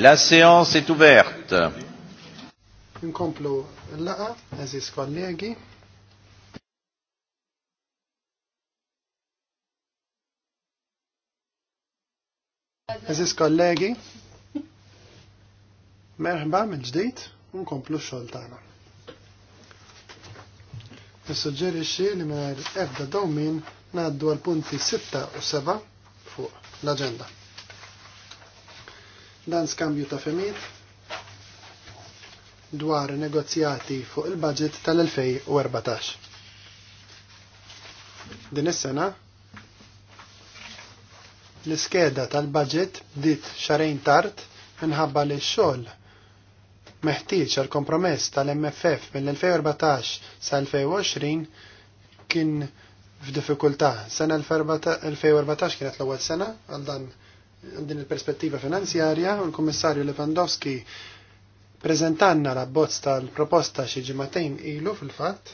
La séance est ouverte. Un Inkomplu laqa, eżis kollegi. Eżis kollegi. Merħba minn ġdejt, nkomplu xol tagħna. Nissuġġerixxi li mingħajr ebda domin ngħaddu għal punti 6 u 7 fuq l-aġenda dan skambju ta' femiet dwar negozjati fuq il-budget tal-2014. Din is-sena l-iskeda tal-budget dit xarejn tard minħabba li x-xogħol meħtieġ għal kompromess tal-MFF mill-2014 sa 2020 kien f'diffikultà. Sena 2014 kienet l-ewwel sena għal dan din il-perspettiva finanzjarja u l-Kummissarju Lewandowski prezentanna la bozz tal-proposta xi ġimatejn ilu fil-fatt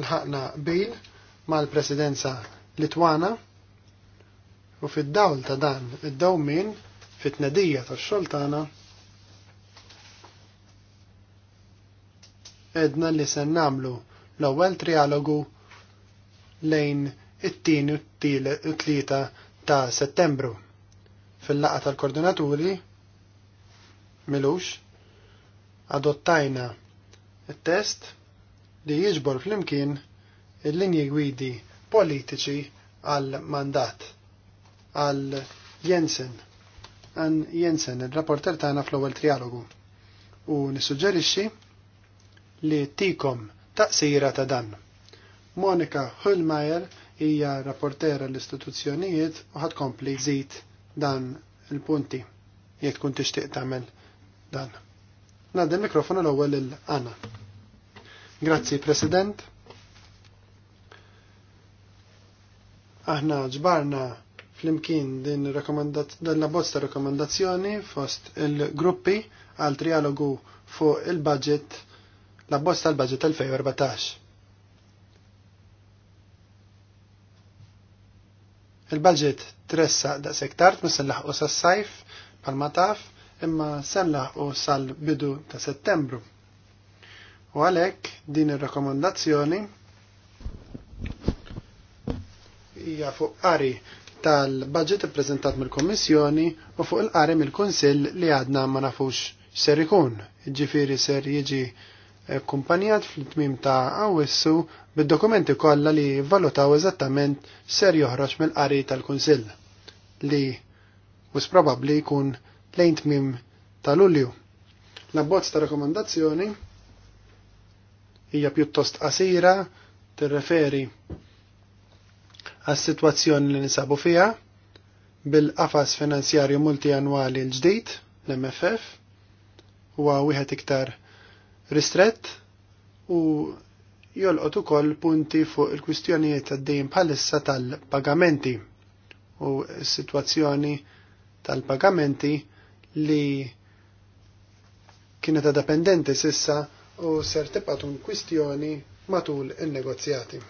il bil mal-Presidenza Litwana u fid-dawl ta' dan id-dawmin fit-tnedija tax-xogħol tagħna edna li se namlu l-ewwel trialogu lejn it-tieni u t-tlieta ta' Settembru fil-laqa tal-koordinaturi milux adottajna il-test li jiġbor fl-imkien il-linji gwidi politiċi għal-mandat għal Jensen għan Jensen, il-rapporter tagħna fl-ewwel trialogu. U nissuġġerixxi li tikom taqsira ta' dan. Monika Hulmajer hija rapportera l-istituzzjonijiet u kompli żid dan il-punti jek tkun tixtieq tagħmel dan. Nagħdi l-mikrofonu l-ewwel lil Anna. Grazzi President. Aħna ġbarna flimkien din dan la bozza rakkomandazzjoni fost il-gruppi għal trialogu fuq il-budget la bozza tal budget 2014. Il-budget tressa da sektart mis sa sas-sajf palma taf imma sen laħqu sal-bidu ta' settembru. U għalek din ir-rakomandazzjoni hija fuq qari tal-budget ippreżentat mill-Kommissjoni u fuq il-qari mill-Kunsill li għadna ma nafux ser ikun. Ġifiri ser jiġi kumpanijat fl-tmim ta' għawissu bid-dokumenti kollha li valutaw eżattament ser joħroġ mill-qari tal-Kunsill li was probabbli jkun lejn tmim ta' Lulju. L-abbozz ta' rekomandazzjoni hija pjuttost qasira tirreferi għas-sitwazzjoni li nisabu fiha bil-qafas finanzjarju multianwali l-ġdid, l-MFF, huwa wieħed iktar ristrett u jolqot ukoll punti fuq il-kwistjonijiet għaddejjin bħalissa tal-pagamenti u s-sitwazzjoni tal-pagamenti li kienet dependenti sissa u ser tibqatun kwistjoni matul il-negozjati.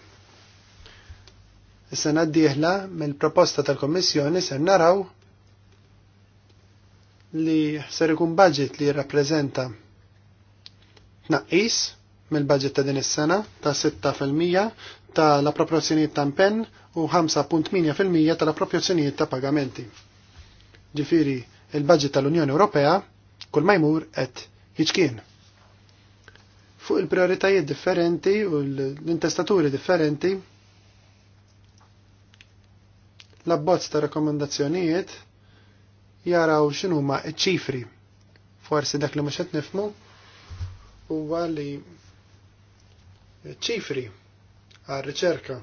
Issa sena dieħla mill-proposta tal-Kommissjoni ser naraw li ser ikun budget li jirrappreżenta tnaqqis mill-budget ta' din is-sena ta' 6% tal-appropriazzjonijiet ta' impenn u 5.8% tal approzzjonijiet ta' pagamenti. Ġifiri, il-budget tal-Unjoni Ewropea kull ma jmur qed jiġkien. Fuq il-prioritajiet differenti u l-intestaturi differenti, l-abbozz ta' rakkomandazzjonijiet jaraw x'inhuma ċ-ċifri. Forsi dak li mhux qed nifhmu huwa li ċifri għal riċerka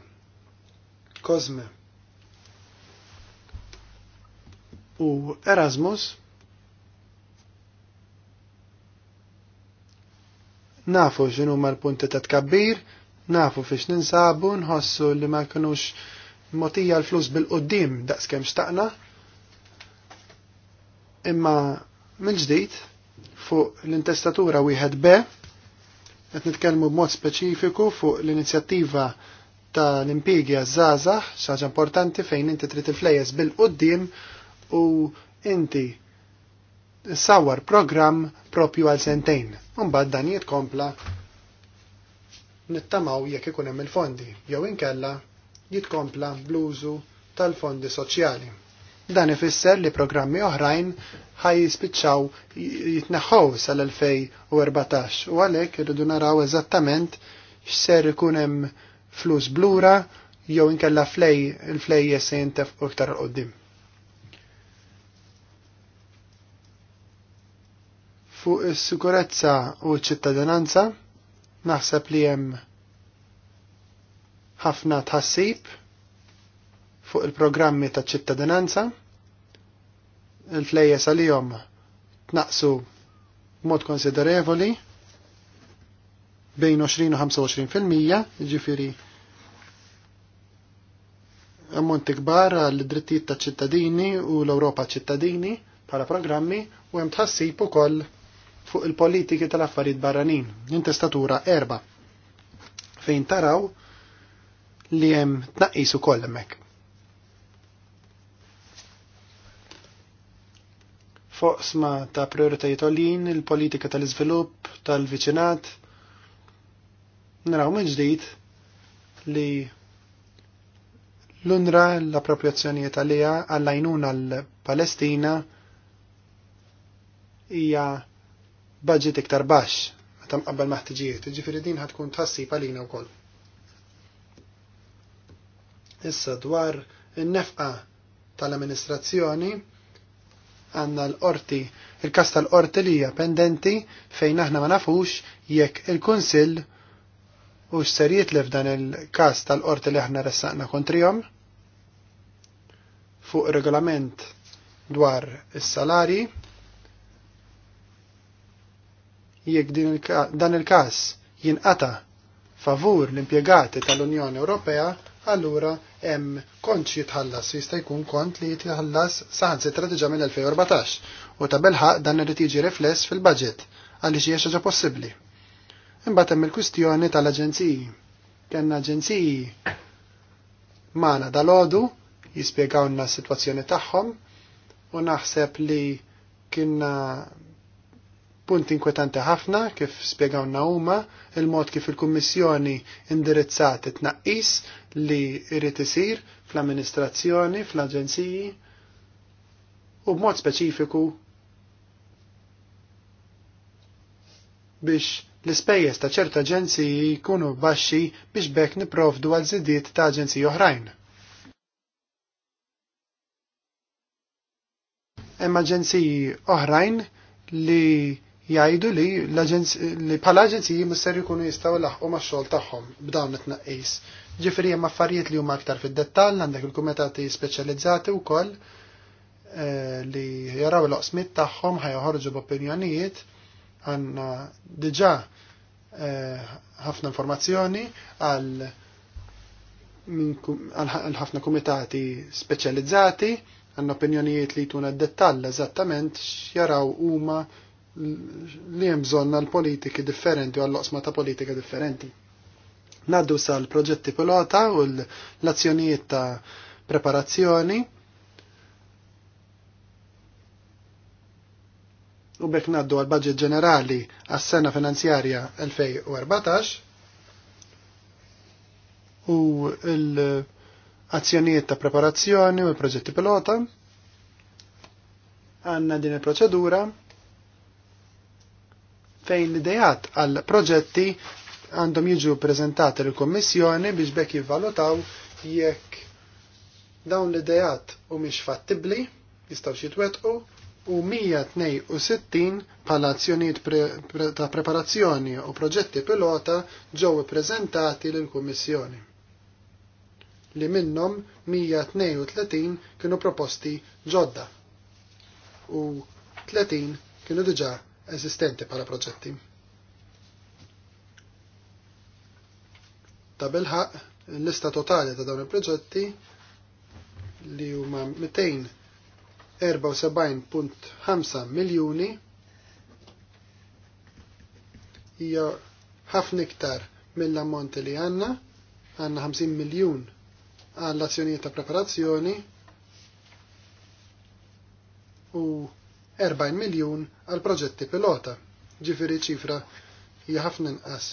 Kozme u Erasmus nafu xinu ma l-punti ta' tkabbir, nafu fiex ninsabu, nħossu li ma kunux motija l-flus bil-qoddim daqs kem xtaqna, imma mill-ġdijt fuq l-intestatura wieħed B, qed nitkellmu b'mod speċifiku fuq l-inizjattiva ta' l-impiegi għazzazax, xaġa importanti fejn inti trid il-flejes bil-qoddim u inti sawar program propju għal sentejn. Mbagħad dan jitkompla nittamaw jekk ikun hemm il-fondi, jew inkella jitkompla bluzu tal-fondi soċjali. Dan ifisser li programmi oħrajn ħaj jispiċċaw jitneħħow sal-2014 u għalhekk irridu naraw eżattament x'ser ikun hemm flus blura jew inkella flej il-flej jintef u iktar qoddim. Fuq is-sikurezza u ċ-ċittadinanza naħseb li hemm ħafna tħassib fuq il-programmi ta' ċittadinanza, il-flejjes jom tnaqsu mod konsiderevoli bejn 20 u 25%, ġifiri ammonti kbar għall drittijiet ta' ċittadini u l-Ewropa ċittadini bħala programmi u hemm tħassib ukoll fuq il-politiki tal-affarijiet barranin, l-intestatura erba' fejn taraw li hemm tnaqqis ukoll hemmhekk. foqsma ta' prioritajiet għolin, il-politika tal-izvilupp, tal-viċinat. Naraw minn ġdid li l-UNRA l-appropriazzjonijiet għalija għallajnuna l-Palestina hija budget iktar baxx meta mqabbel maħtiġijiet, ġifiri din ħatkun tħassib u wkoll. Issa dwar in-nefqa tal-amministrazzjoni għanna l-qorti, il kasta tal-qorti li hija pendenti fejn aħna ma nafux jekk il-Kunsill u x'ser jitlef dan il-kas tal-qorti li aħna ressaqna kontrihom fuq regolament dwar is-salari jekk dan il-kas jinqata favur l-impjegati tal-Unjoni Ewropea, allura Em kont jitħallas, jista' jkun kont li jitħallas saħan diġà mill-2014 u ta' belħaq dan irid jiġi rifless fil-budget għaliex hija xaġa possibbli. Imbagħad hemm il-kwistjoni tal-aġenziji. Kenna aġenziji magħna dal-għodu jispjegawna s-sitwazzjoni tagħhom u naħseb li kienna Punt inkwetanti ħafna kif spjegawna huma il-mod kif il-Kummissjoni indirizzat it-tnaqqis li jrid isir fl-amministrazzjoni, fl-aġenziji u b'mod speċifiku biex l-ispejjeż ta' ċerta aġenziji jkunu baxxi biex bekk niprovdu għal żidiet ta' aġenziji oħrajn. Hemm aġenziji oħrajn li jgħidu li li bħala aġenziji misser jkunu jistgħu laħqu ma' xogħol tagħhom b'dawn it-tnaqqis. Ġifieri hemm affarijiet li huma aktar fid-dettall għandek il-kumitati speċjalizzati wkoll eh, li jaraw l-oqsmit tagħhom ħajħorġu b'opinjonijiet għandna diġà eh, ħafna informazzjoni għal għal ħafna komitati speċjalizzati għandna opinjonijiet li jtuna d-dettall eżattament x'jaraw huma li hemm bżonn għal politiki differenti u għal loqsma ta' politika differenti. Naddu l proġetti pilota u l-azzjonijiet ta' preparazzjoni. U bek naddu għal budget ġenerali għas-sena finanzjarja 2014 u l-azzjonijiet ta' preparazzjoni u l-proġetti pilota għanna din il-proċedura fejn l-idejat għal proġetti għandhom jiġu prezentati l-Kommissjoni biex bekk jivvalutaw jekk dawn l-idejat u miex fattibli, jistaw xitwetqu, u 162 palazzjoniet pre, pre, ta' preparazzjoni u proġetti pilota ġew prezentati lill-Kummissjoni. Li minnhom 132 kienu proposti ġodda u 30 kienu diġà eżistenti bħala proġetti. Ta' bilħa l-lista totali ta' dawn il-proġetti li huma 274.5 miljuni hija ħafna iktar mill-ammonti li għanna, għanna 50 miljun għall azzjonijiet ta' preparazzjoni u 40 miljun għal proġetti pilota, ġifiri ċifra hija ħafna inqas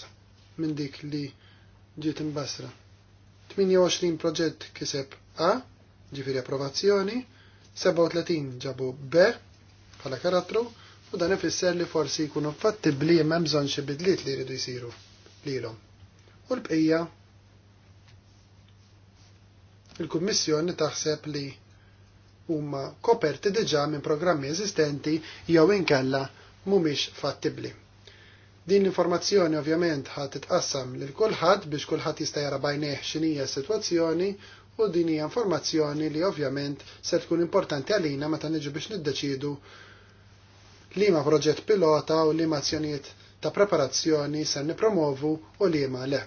minn dik li ġiet imbasra. 28 proġett kiseb A, ġifiri approvazzjoni, 37 ġabu B bħala karattru u dan ifisser li forsi jkunu fattibli imma bżonn xi bidliet li jridu jsiru lilhom. U l-bqija il-Kummissjoni taħseb li huma koperti diġà minn programmi eżistenti jew inkella mhumiex fattibbli. Din l-informazzjoni ovvjament ħadd titqassam lil kulħadd biex kulħadd jista' jara bajnejh x'inhija s-sitwazzjoni u din hija informazzjoni li ovvjament se tkun importanti għalina meta niġu biex niddeċidu liema proġett pilota u liema azzjonijiet ta' preparazzjoni se nipromovu u liema le.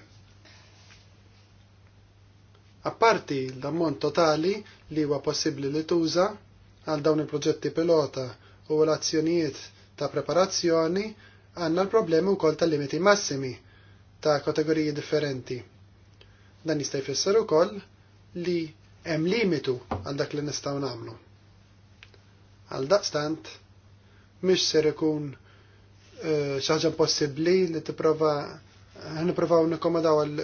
Apparti l-ammont totali li huwa possibbli li tuża għal dawn il-proġetti pilota u l-azzjonijiet ta' preparazzjoni għandna l-problemi wkoll tal limiti massimi ta' kategoriji differenti. Dan jista' jfisser ukoll li hemm limitu għal dak li nistgħu nagħmlu. Għal daqstant mhix ser ikun e, xi ħaġa possibbli li tipprova nippruvaw nikkomodaw għal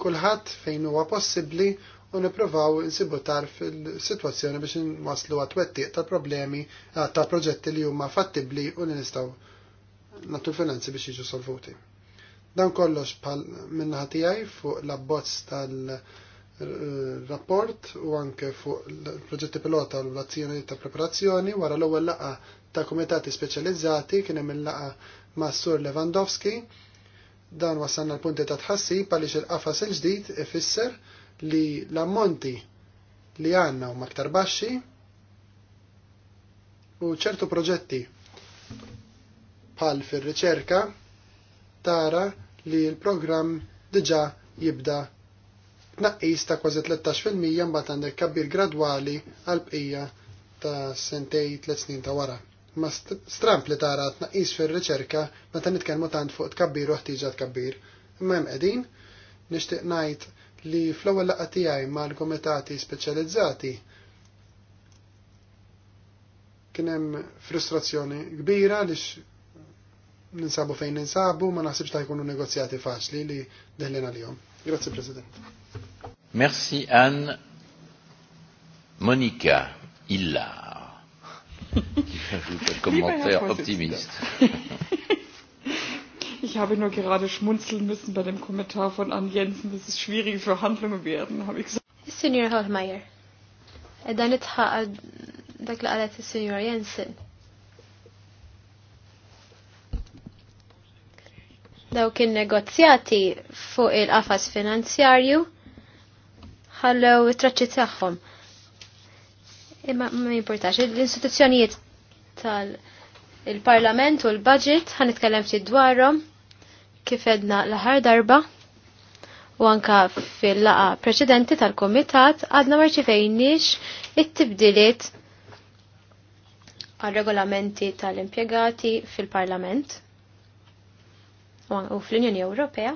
kulħadd fejn huwa possibbli u nippruvaw nsibu tarf il-sitwazzjoni biex nwaslu għat-twettiq ta' problemi eh, ta' proġetti li huma fattibli u li nistgħu nagħtu finanzi biex jiġu solvuti. Dan kollox bħal minnaħa tiegħi fuq l-abbozz tal-rapport u anke fuq il-proġetti pilota u l-azzjoni ta' preparazzjoni wara l-ewwel laqa ta' komitati speċjalizzati kien hemm il-laqa ma' Sur Lewandowski. Dan wasanna l-punti ta' tħassib għaliex il-qafas il-ġdid ifisser li l-ammonti li għanna u maktar baxxi u ċertu proġetti bħal fir-riċerka tara li l-programm diġa jibda tnaqqis ta' kważi 13% mbagħad għandek kabbir gradwali għal bqija ta' sentej tliet snin ta' wara. Ma stramp li tara tnaqqis fir-riċerka meta nitkellmu tant fuq tkabbir u ħtiġa tkabbir. Imma hemm qegħdin nixtieq ngħid li fl-ewwel laqgħa tiegħi mal-komitati speċjalizzati kien hemm frustrazzjoni kbira lix ninsabu fejn ninsabu ma naħsibx ta' jkunu negozjati faċli li deħlina l-jom. Grazie President. Merci Anne Monica Illa. Qui fait commentaire optimiste. Ich habe nur gerade schmunzeln müssen bei dem Kommentar von Ann Jensen, dass es schwierige Verhandlungen werden, habe ich gesagt. Senior Holmeyer, dan itħaq dak li qalet senior Jensen. Daw kien negozjati fuq il-qafas finanzjarju ħallew it-traċċi tagħhom. Imma ma jimportax l-istituzzjonijiet tal- parlament u l-Budget ħanitkellem ftit dwarhom Kif edna l-ħar darba u anka fil-laqa preċedenti tal-komitat għadna fejnix it-tibdiliet għal-regolamenti tal-impiegati fil-parlament u fl-Unjoni Ewropea.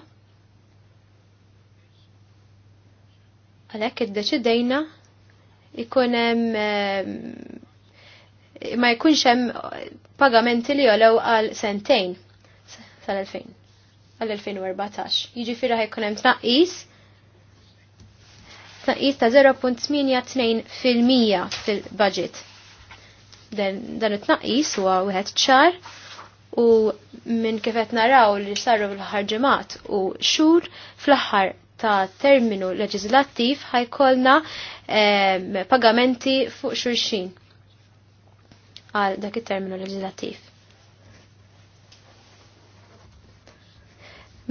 Għalhekk iddeċidejna ikun hemm eh, ma jkunx hemm pagamenti li jolew għal sentejn sal elfejn għall-2014. Jiġifieri ħajkun hemm tnaqqis tnaqqis ta' 0.82% fil-budget. mija fil Dan it-tnaqqis huwa wieħed ċar u minn kif qed naraw li saru l-ħarġemat u xhur fl-aħħar ta' terminu leġislattiv ħajkolna ehm, pagamenti fuq xulxin għal dak it-terminu leġislattiv.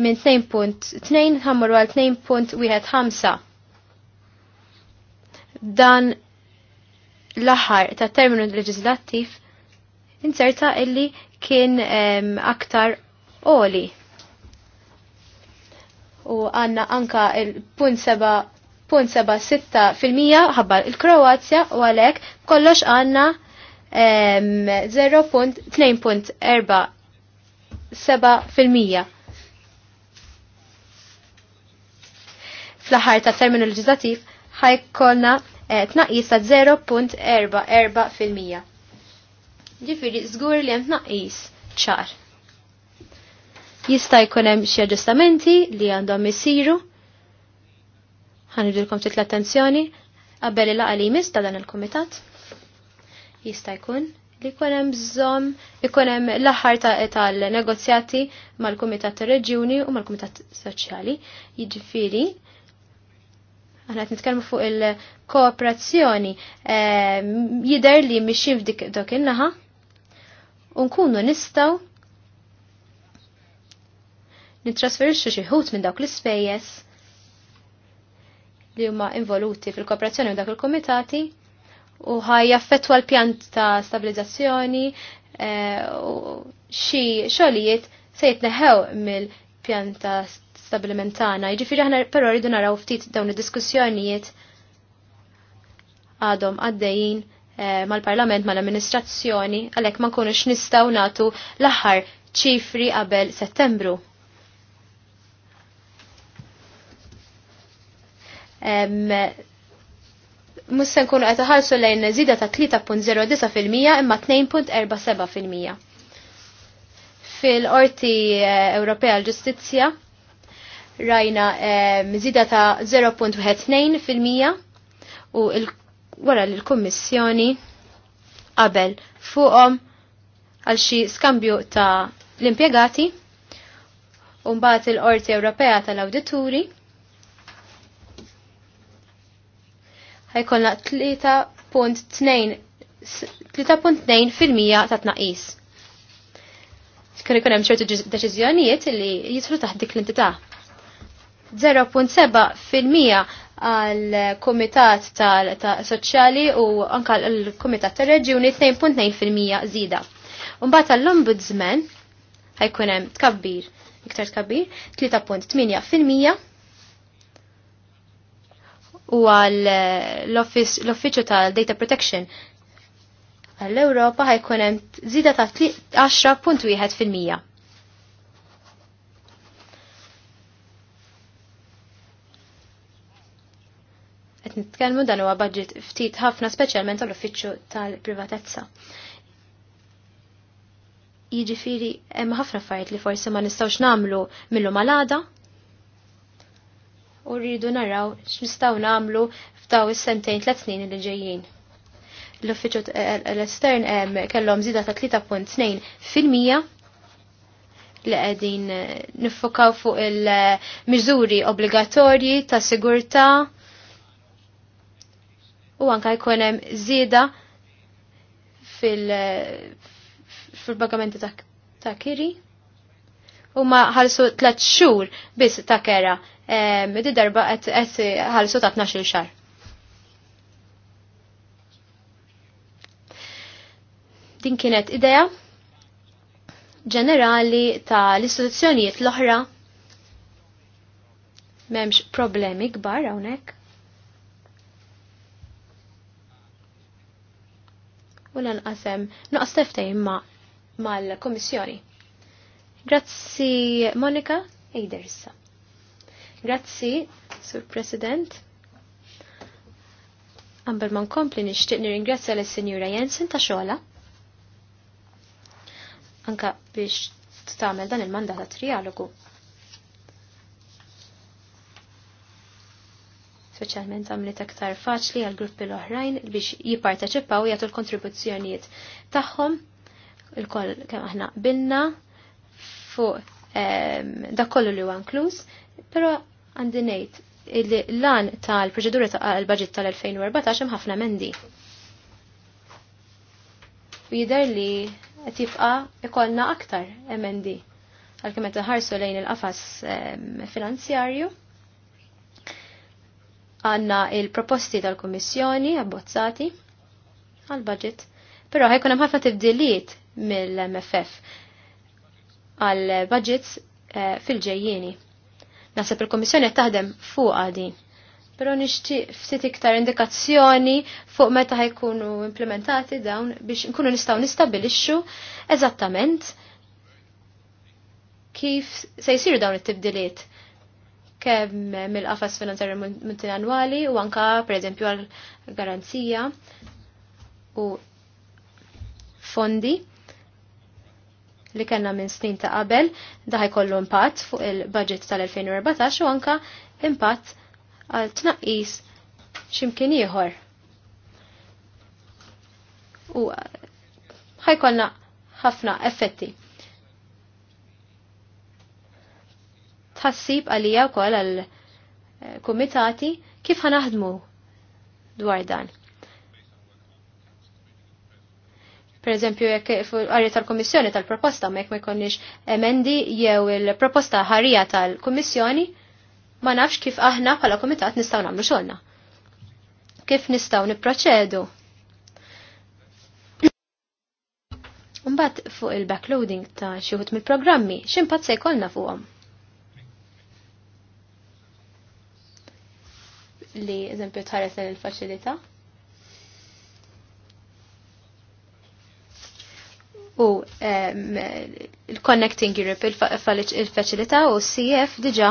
minn 2.2 ħammur għal 2.15. Dan l-aħħar ta' terminu leġislattiv inserta illi kien um, aktar oli. U għanna anka il-punt seba' punt seba sitta fil-mija ħabbar il-Kroazja u għalek kollox għanna 0.2.4 seba fil-mija. fl-aħħar ta' terminu leġislativ ħajkolna eh, tnaqqis ta' 0.44%. Ġifiri, żgur li hemm tnaqqis ċar. Jista' jkun hemm xi aġġustamenti li għandhom isiru. Ħanidilkom ftit l-attenzjoni qabel il jmiss ta' dan il-kumitat. Jista' jkun li jkun hemm bżonn ikun hemm l aħħar tal-negozjati mal-Kumitat Reġjuni u mal-Kumitat Soċjali. Jiġifieri Aħna qed nitkellmu fuq il-kooperazzjoni eh, jidher li mixin f'dik dok in-naħa u nkunu nistgħu nitrasferixxu xi ħut minn dawk l-ispejjeż li huma involuti fil-kooperazzjoni minn dak il-kumitati u ħaj jaffettwa l-pjant ta' stabilizzazzjoni eh, u xi xogħlijiet se jitneħħew mill-pjanta stabilimentana. tagħna. Jiġifieri aħna però rridu naraw ftit dawn id-diskussjonijiet għadhom għaddejjin eh, mal-parlament, mal-amministrazzjoni, għalhekk ma nkunux nistgħu nagħtu l-aħħar ċifri qabel Settembru. Mus se nkunu qed ħarsu lejn żida ta' 3.09% imma 2.47%. Fil-Qorti eh, Ewropea l-Ġustizzja rajna eh, mżida ta' 0.12% u wara l kummissjoni qabel fuqhom għal xi skambju ta' l-impjegati u mbagħad il-Qorti Ewropea tal-Awdituri ħajkollna 3.2% ta' tnaqqis. Kien ikun hemm ċertu deċiżjonijiet li jidħlu taħt dik l-entità. 0.7 fil-mija għal komitat tal-soċjali u anka l komitat tal-reġjuni 2.2% zida. Umbat tal-ombudsman ħajkun hemm tkabbir, iktar tkabbir, 3.8% u għal eh, l-Offiċċju tal-Data Protection għall-Ewropa ħajkun hemm zida ta' 10.1%. nitkellmu dan huwa budget ftit ħafna speċjalment għall-uffiċċju tal-privatezza. Jiġifieri hemm ħafna affarijiet li forsi ma nistgħux nagħmlu millu malada u rridu naraw x'nistgħu nagħmlu f'daw is-sentejn tliet snin li ġejjin. L-uffiċċju eh, eh, l-estern kellhom żieda ta' 3.2 fil-mija li qegħdin eh, niffokaw fuq il-miżuri obbligatorji ta' sigurtà u anka jkun hemm żieda fil-pagamenti ta' kiri. U ma ħalsu tlet xhur biss ta' kera. E, di darba qed ħalsu ta' 12 xar. Din kienet idea ġenerali ta' l-istituzzjonijiet l-oħra memx problemi kbar hawnhekk. u lanqasem noqas teftejn ma mal-Komissjoni. Grazzi Monika Eiderissa. Grazzi, Sur President. Għambel man kompli nishtiq nirringrazzja l sinjura Jensen ta' xola. Anka biex tagħmel dan il-mandat ta' trialogu speċjalment għamlet aktar faċli għal gruppi l-oħrajn biex jipparteċipaw jagħtu l-kontribuzzjonijiet tagħhom il-koll kemm aħna qbilna fuq ehm, dak kollu li huwa inkluż, però għandi ngħid l-lan tal-proċedura ta' l-budget tal-2014 hemm ħafna mendi. U jidher li qed jibqa' ikollna aktar emendi għalkemm qed ħarsu lejn il-qafas ehm, finanzjarju għanna il-proposti tal-Kommissjoni abbozzati għal-budget. Però ħajkun hemm ħafna tibdiliet mill-MFF għal-budgets eh, fil ġejjini Naħseb il-Kommissjoni qed taħdem fuq għadin. Però nixtieq ftit iktar indikazzjoni fuq meta ħajkunu implementati dawn biex nkunu nistgħu nistabilixxu eżattament kif se jsiru dawn it-tibdiliet kemm mill-qafas finanzjarju multinanwali u anka pereżempju għal garanzija u fondi li kellna minn snin ta' qabel daħi kollu impatt fuq il-budget tal-2014 u anka impatt għal tnaqqis ximkien ieħor. U ħajkollna ħafna effetti. tħassib għalija wkoll għal eh, kumitati kif ħanaħdmu dwar dan. per eżempju, jekk għarri tal-Komissjoni tal-proposta, ma jekk ma jkunniex emendi jew il-proposta ħarija tal-Komissjoni, ma nafx kif aħna bħala komitat nistaw nagħmlu xogħolna. Kif nistaw nipproċedu. Mbagħad fuq il-backloading ta' xi mill-programmi, x'impatt se jkollna fuqhom? li eżempju tħares il-faċilità. U ehm, il-Connecting Europe il-faċilità u CF diġa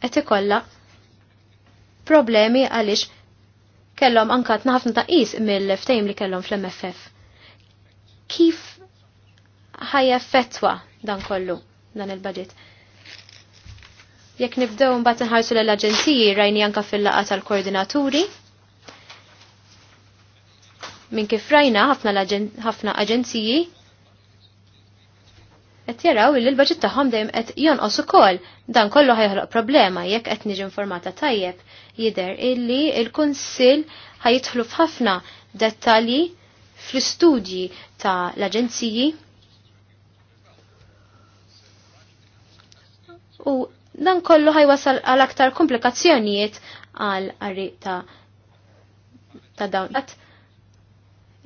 qed ikollha problemi għaliex kellhom anka ħafna taqis mill-ftejm li kellhom fl-MFF. Kif ħajja fetwa dan kollu dan il-budget? Jekk nibdew mbagħad inħarsu lill aġenziji rajni anka fil-laqgħa tal-koordinaturi. Min kif rajna ħafna aġenziji qed jaraw li l-baġit tagħhom dejjem qed jonqos ukoll. Dan kollu ħajħloq problema jekk qed niġi informata tajjeb. Jidher illi l-Kunsill ħajidħlu f'ħafna dettalji fl-istudji ta' l-aġenziji u dan kollu ħajwasal għal aktar komplikazzjonijiet għal għarri ta' ta' dawn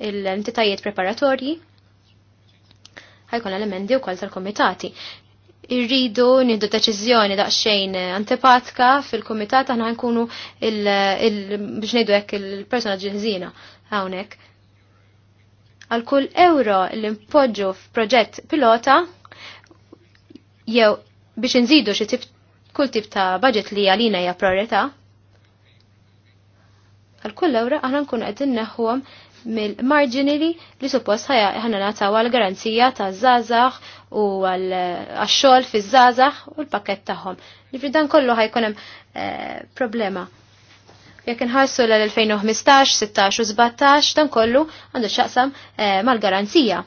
l-entitajiet preparatorji ħajkun elementi u kol tal-komitati. Irridu nieħdu deċiżjoni daqsxejn antipatika fil-komitat aħna nkunu biex ngħidu hekk il-persona ġilżina hawnhekk. Għal kull euro li npoġġu f'proġett pilota jew biex nżidu xi tip kull tip ta' budget li għalina hija priorità. Għal kull ewra aħna nkun qegħdin neħħuhom mill-marġini li suppost ħajja ħana nataw għal garanzija ta' żgħażagħ u għal xogħol fiż żgħażagħ u l pakett tagħhom. Jifri dan kollu ħajkun hemm eh, problema. Jekk inħarsu l-2015, 16 u 17 dan kollu għandu x'aqsam eh, mal-garanzija.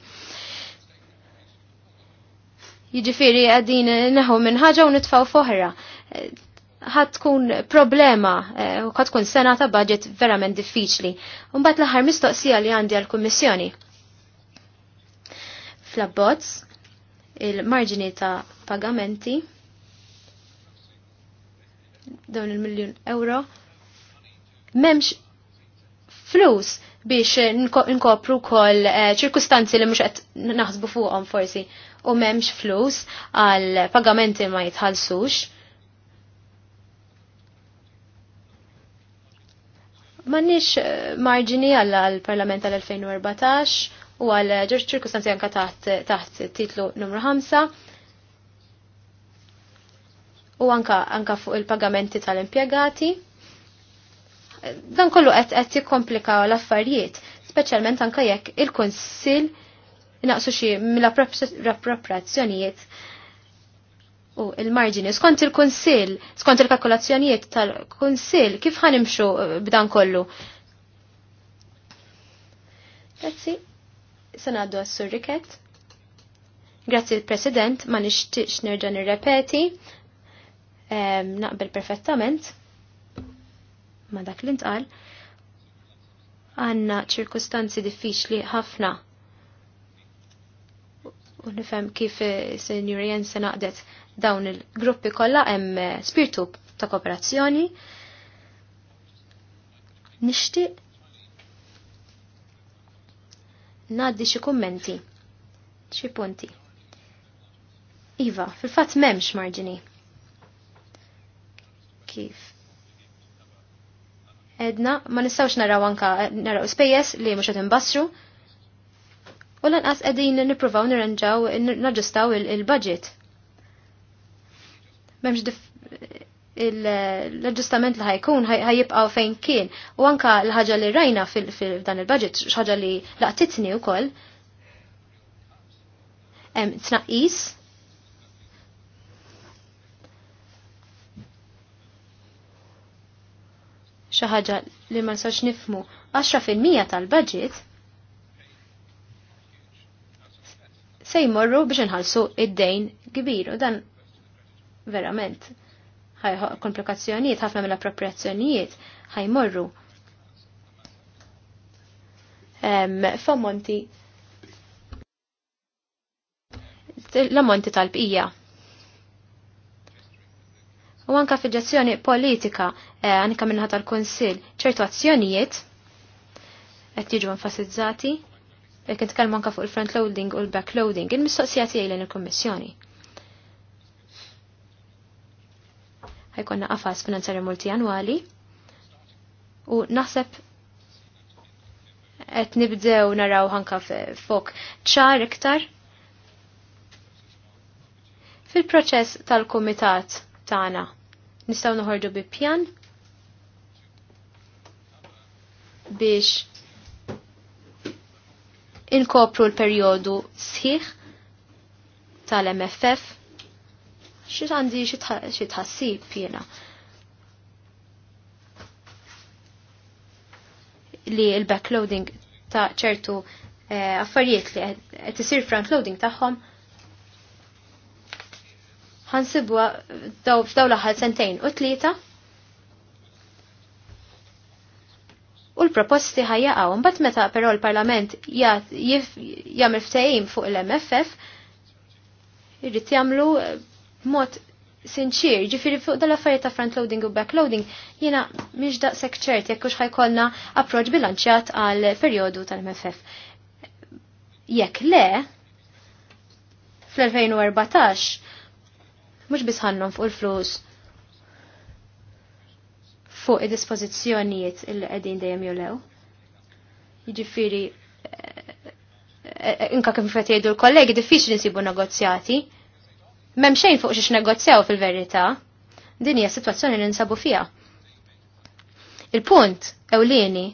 Jiġifieri qegħdin neħu minn ħaġa u nitfgħu foħra. ħadd tkun problema eh, u ħad tkun sena ta' budget verament diffiċli. Mbagħad l-aħħar mistoqsija li għandi għall-Kummissjoni. Fl-abbozz il-marġini ta' pagamenti dawn il-miljun euro memx flus biex nkopru kol eh, ċirkustanzi li mux għet naħsbu fuqom forsi u memx flus għal pagamenti ma jitħalsux. Mannix eh, marġini għal parlament tal-2014 u għal ġorġ ċirkustanzi għanka taħt titlu numru 5 u anka, anka fuq il-pagamenti tal-impjegati. Dan kollu qed qed jikkomplikaw l-affarijiet, speċjalment anka jekk il-Kunsill inaqsu xi mill rappropriazzjonijiet u il-marġini. Skont il-Kunsill, skont il kalkulazzjonijiet tal-Kunsill, kif ħanimxu eh, b'dan kollu? Grazzi, sanaddu għas-Sur Riket. Grazzi il-President, ma nixtiex nerġa' nirrepeti. Naqbel perfettament ma dak li ntqal. Għanna ċirkustanzi diffiċli ħafna u nifhem kif eh, Senior Jensen naqdet dawn il-gruppi kollha hemm eh, spiritu ta' kooperazzjoni. Nixtieq ngħaddi xi kummenti, xi punti. Iva, fil-fatt m'hemmx marġini. Kif? Edna, ma nistawx naraw anka naraw spejjeż li mhux qed imbassru, U lanqas qegħdin nippruvaw nirranġaw naġġustaw il-budget. M'hemmx l-aġġustament li ħajkun ħajibqgħu fejn kien. U anka l-ħaġa li rajna f'dan il-budget, ħaġa li laqtitni wkoll. Tnaqqis. Xi ħaġa li ma nistax nifmu 10% tal-budget se jmorru biex nħalsu id-dejn kbir u dan verament ħaj komplikazzjonijiet ħafna mill-appropriazzjonijiet ħajmorru f'ammonti l-ammonti tal-bqija. U anka fil-ġazzjoni politika, eh, anka minnaħat tal-Konsil, ċertu azzjonijiet qed jiġu enfasizzati jekk nitkellmu anke fuq il-front loading u l-back loading, il-mistoqsija tiegħi lejn il-Kummissjoni. Ħajkonna qafas finanzjarju multianwali u naħseb qed nibdew naraw anke fuq ċar iktar fil-proċess tal-kumitat tagħna. Nistgħu noħorġu bi pjan biex inkopru l-perjodu sħiħ tal-MFF xit għandi xit ħassib jena. Li il-backloading ta' ċertu eh, affarijiet li qed isir frontloading tagħhom ħansibwa f'daw l-aħħar sentejn u tlieta u l-proposti ħajjaqaw. Mbagħad meta però l-Parlament jagħmel ftehim fuq l mff irrid jagħmlu eh, mod sinċir, ġifiri fuq dal-affarijiet ta' front-loading u back-loading, jiena mhix daqshekk ċert jekk hux approċ bilanċjat għal perjodu tal-MFF. Jekk le, fl-2014 mhux biss fuq il-flus fuq id-dispożizzjonijiet il qegħdin dejjem jolew. Jiġifieri eh, eh, inka kif qed jgħidu l-kollegi diffiċli nsibu negozjati. M'hemm xejn fuq xiex negozjaw fil-verità. Din hija sitwazzjoni li nsabu fiha. Il-punt ewlieni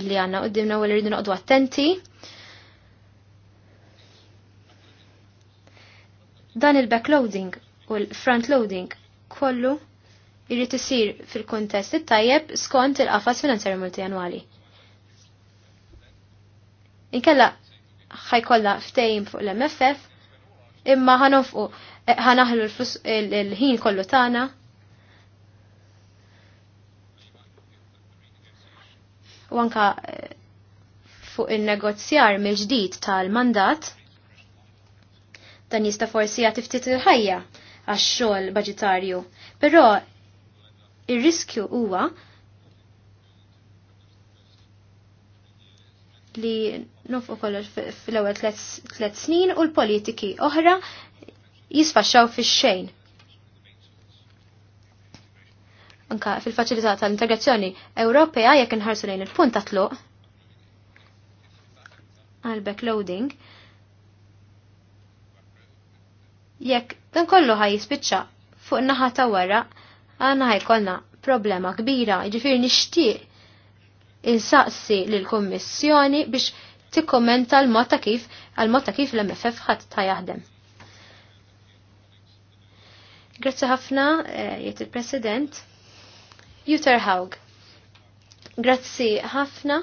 illi għandna qudiemna u li rridu noqdu attenti dan il-backloading u l-frontloading kollu irrid isir fil-kuntest it-tajjeb skont il-qafas finanzjarju multijanwali. Inkella ħajkolla ftejn fuq l-MFF imma ħanofqu eh, ħanaħlu l-ħin kollu tagħna u anka eh, fuq il-negozjar mill-ġdid tal-mandat dan jista' forsi jagħti ftit il-ħajja għax-xogħol baġitarju, Però Ir-riskju huwa li nufu kollox fil-ewwel tliet snin u l-politiki oħra jisfaxxaw fix-xejn. Anka fil-faċilità tal-integrazzjoni Ewropea jekk inħarsu lejn il-punt ta' tluq għal backloading jekk dan kollu ħaj jispiċċa fuq naħa ta' wara għana ħajkolna problema kbira, ġifir nixtieq insaqsi lill-Kummissjoni biex t-kommenta l-mod kif għal-mod ta' kif l-MFF ħadd ta' jaħdem. Grazzi ħafna, eh, Jiet il-President. Juter Haug. Grazzi ħafna.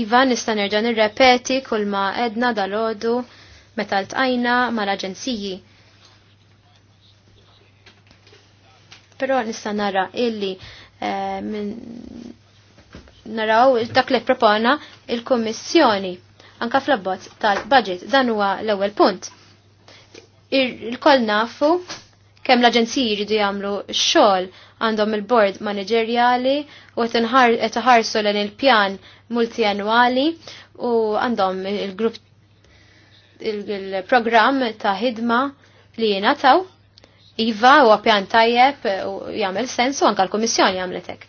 Iva, nista' nerġa' nirrepeti kull ma edna dal-ħodu meta l-tqajna mal-aġenziji però nista' nara illi eh, naraw dak li propona il-Kommissjoni anka fl-abbozz tal-budget. Dan huwa l-ewwel punt. Il-koll nafu kemm l-aġenziji jridu jagħmlu x-xogħol għandhom il-bord manageriali u qed iħarsu lejn il-pjan multianwali u għandhom il-grupp il-programm ta' ħidma li jingħataw Iva u għapjan tajjeb u jgħamil sens u anka l-Komissjoni għamletek.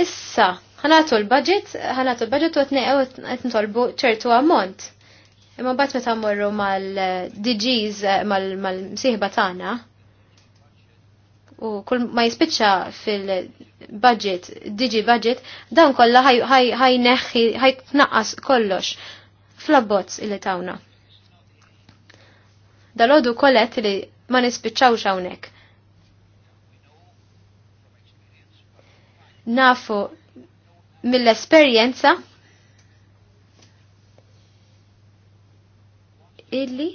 Issa, ħanatu l-budget, ħanatu l-budget u għetneqew għetnitolbu ċertu ammont. Imma bat meta morru mal-DGs mal-msiħba tagħna u kull ma jispiċċa fil-budget, DG budget, dan kollha ħaj neħħi ħaj tnaqqas kollox fl-abbozz il tawna dal-ħodu kollet li ma nispiċċawx hawnhekk. Nafu mill-esperjenza illi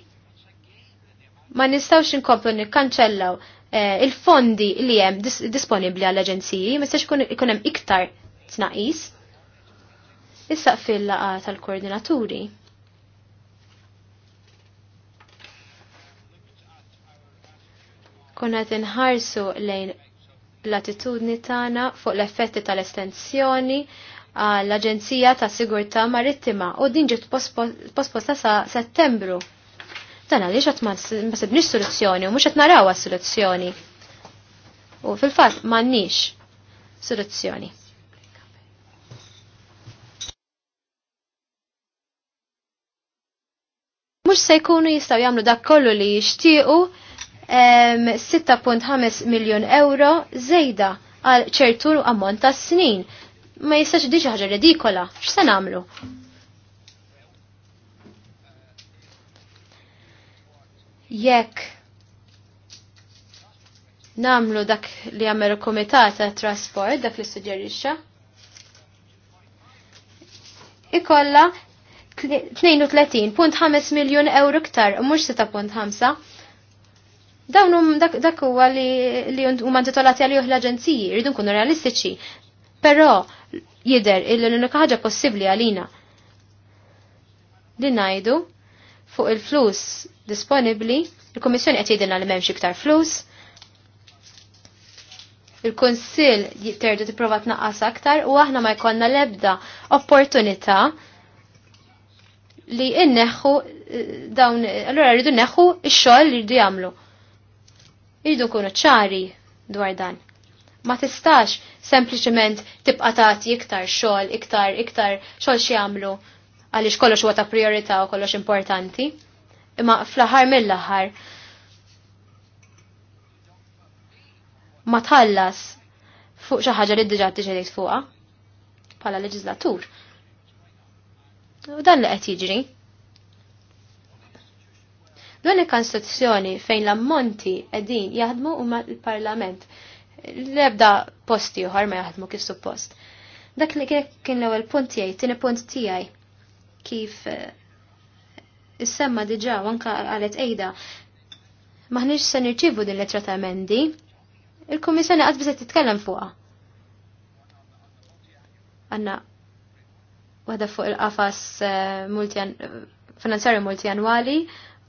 ma nistawx inkomplu nikkanċellaw eh, il-fondi li hemm dis disponibbli għall-aġenziji, ma jistax ikun hemm iktar tnaqis. Issa fil-laqa tal-koordinaturi. Konna tinħarsu lejn l-attitudni tagħna fuq l-effetti tal-estensjoni għall-Aġenzija ta' Sigurtà Marittima u din ġiet posposta sa' Settembru. Dan għaliex qed ma sibniex soluzzjoni u mhux qed narawha soluzzjoni. U fil-fatt m'għandniex soluzzjoni. Mhux se jkunu jistgħu jagħmlu dak kollu li jixtiequ 6.5 miljon euro zejda għal ċertu ammont ta' snin. Ma jistax diġi ħaġa redikola, x'se nagħmlu? Jekk namlu dak li għamel komitat ta' trasport, dak li suġġerixxa. Ikolla 32.5 miljon euro ktar, mhux 6.5 Dawn dak huwa li huma intitolati għalih l-aġenziji, rridu nkunu realistiċi. Però jidher il l-unika ħaġa possibbli għalina li ngħidu fuq il-flus disponibbli, il-Kummissjoni qed jgħidilna li m'hemmx iktar flus, il-Kunsill jitterdu tipprova tnaqqas aktar u aħna ma jkollna l-ebda opportunità li inneħħu eh, dawn, allura rridu neħħu ix-xogħol li rridu jagħmlu. Jridu kunu ċari dwar dan. Ma tistax sempliċement tibqa' tagħti iktar xogħol, iktar iktar xogħol xi jagħmlu għaliex kollox huwa ta' priorità u kollox importanti. Imma fl-aħħar mill-aħħar ma tħallas fuq xi ħaġa li diġà tiġi fuqha bħala leġislatur. U dan li qed jiġri. L-unika istituzzjoni fejn l-ammonti qegħdin jaħdmu huma l-Parlament. L-ebda posti uħar ma jaħdmu kif suppost. Dak li kien l-ewwel punt tiegħi, tieni punt tiegħi kif eh, is-semma diġà anke qalet ejda maħniex se nirċivu din lettra ta' emendi, il-Kummissjoni qatt biset titkellem fuqha. Għanna waħda fuq il-qafas eh, finanzjarju multianwali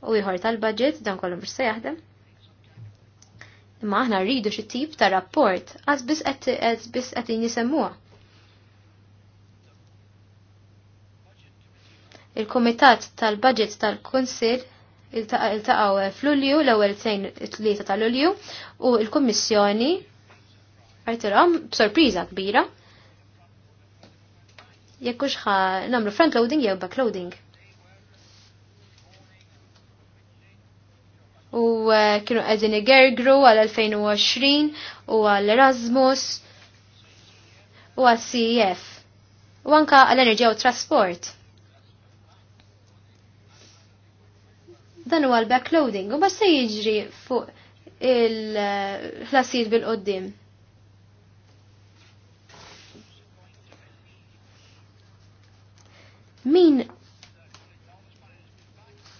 u jħor tal-budget dan kollu mhux se jaħdem. Imma aħna rridu xi tip ta' rapport għaż biss qed qed jinisemmuha. Il-Kumitat tal-Budget tal-Kunsill iltaqgħu f'Lulju l-ewwel tejn it-tlieta ta' Lulju u l-Kummissjoni għartilhom b'sorpriża kbira jekk hux namlu front loading jew back loading. u eh, kienu għedin igergru għal-2020 u għal-Erasmus u għal-CEF u anka għal-enerġija u trasport. Dan huwa l-backloading u basta jiġri fuq il-ħlasijiet bil-qoddim. Min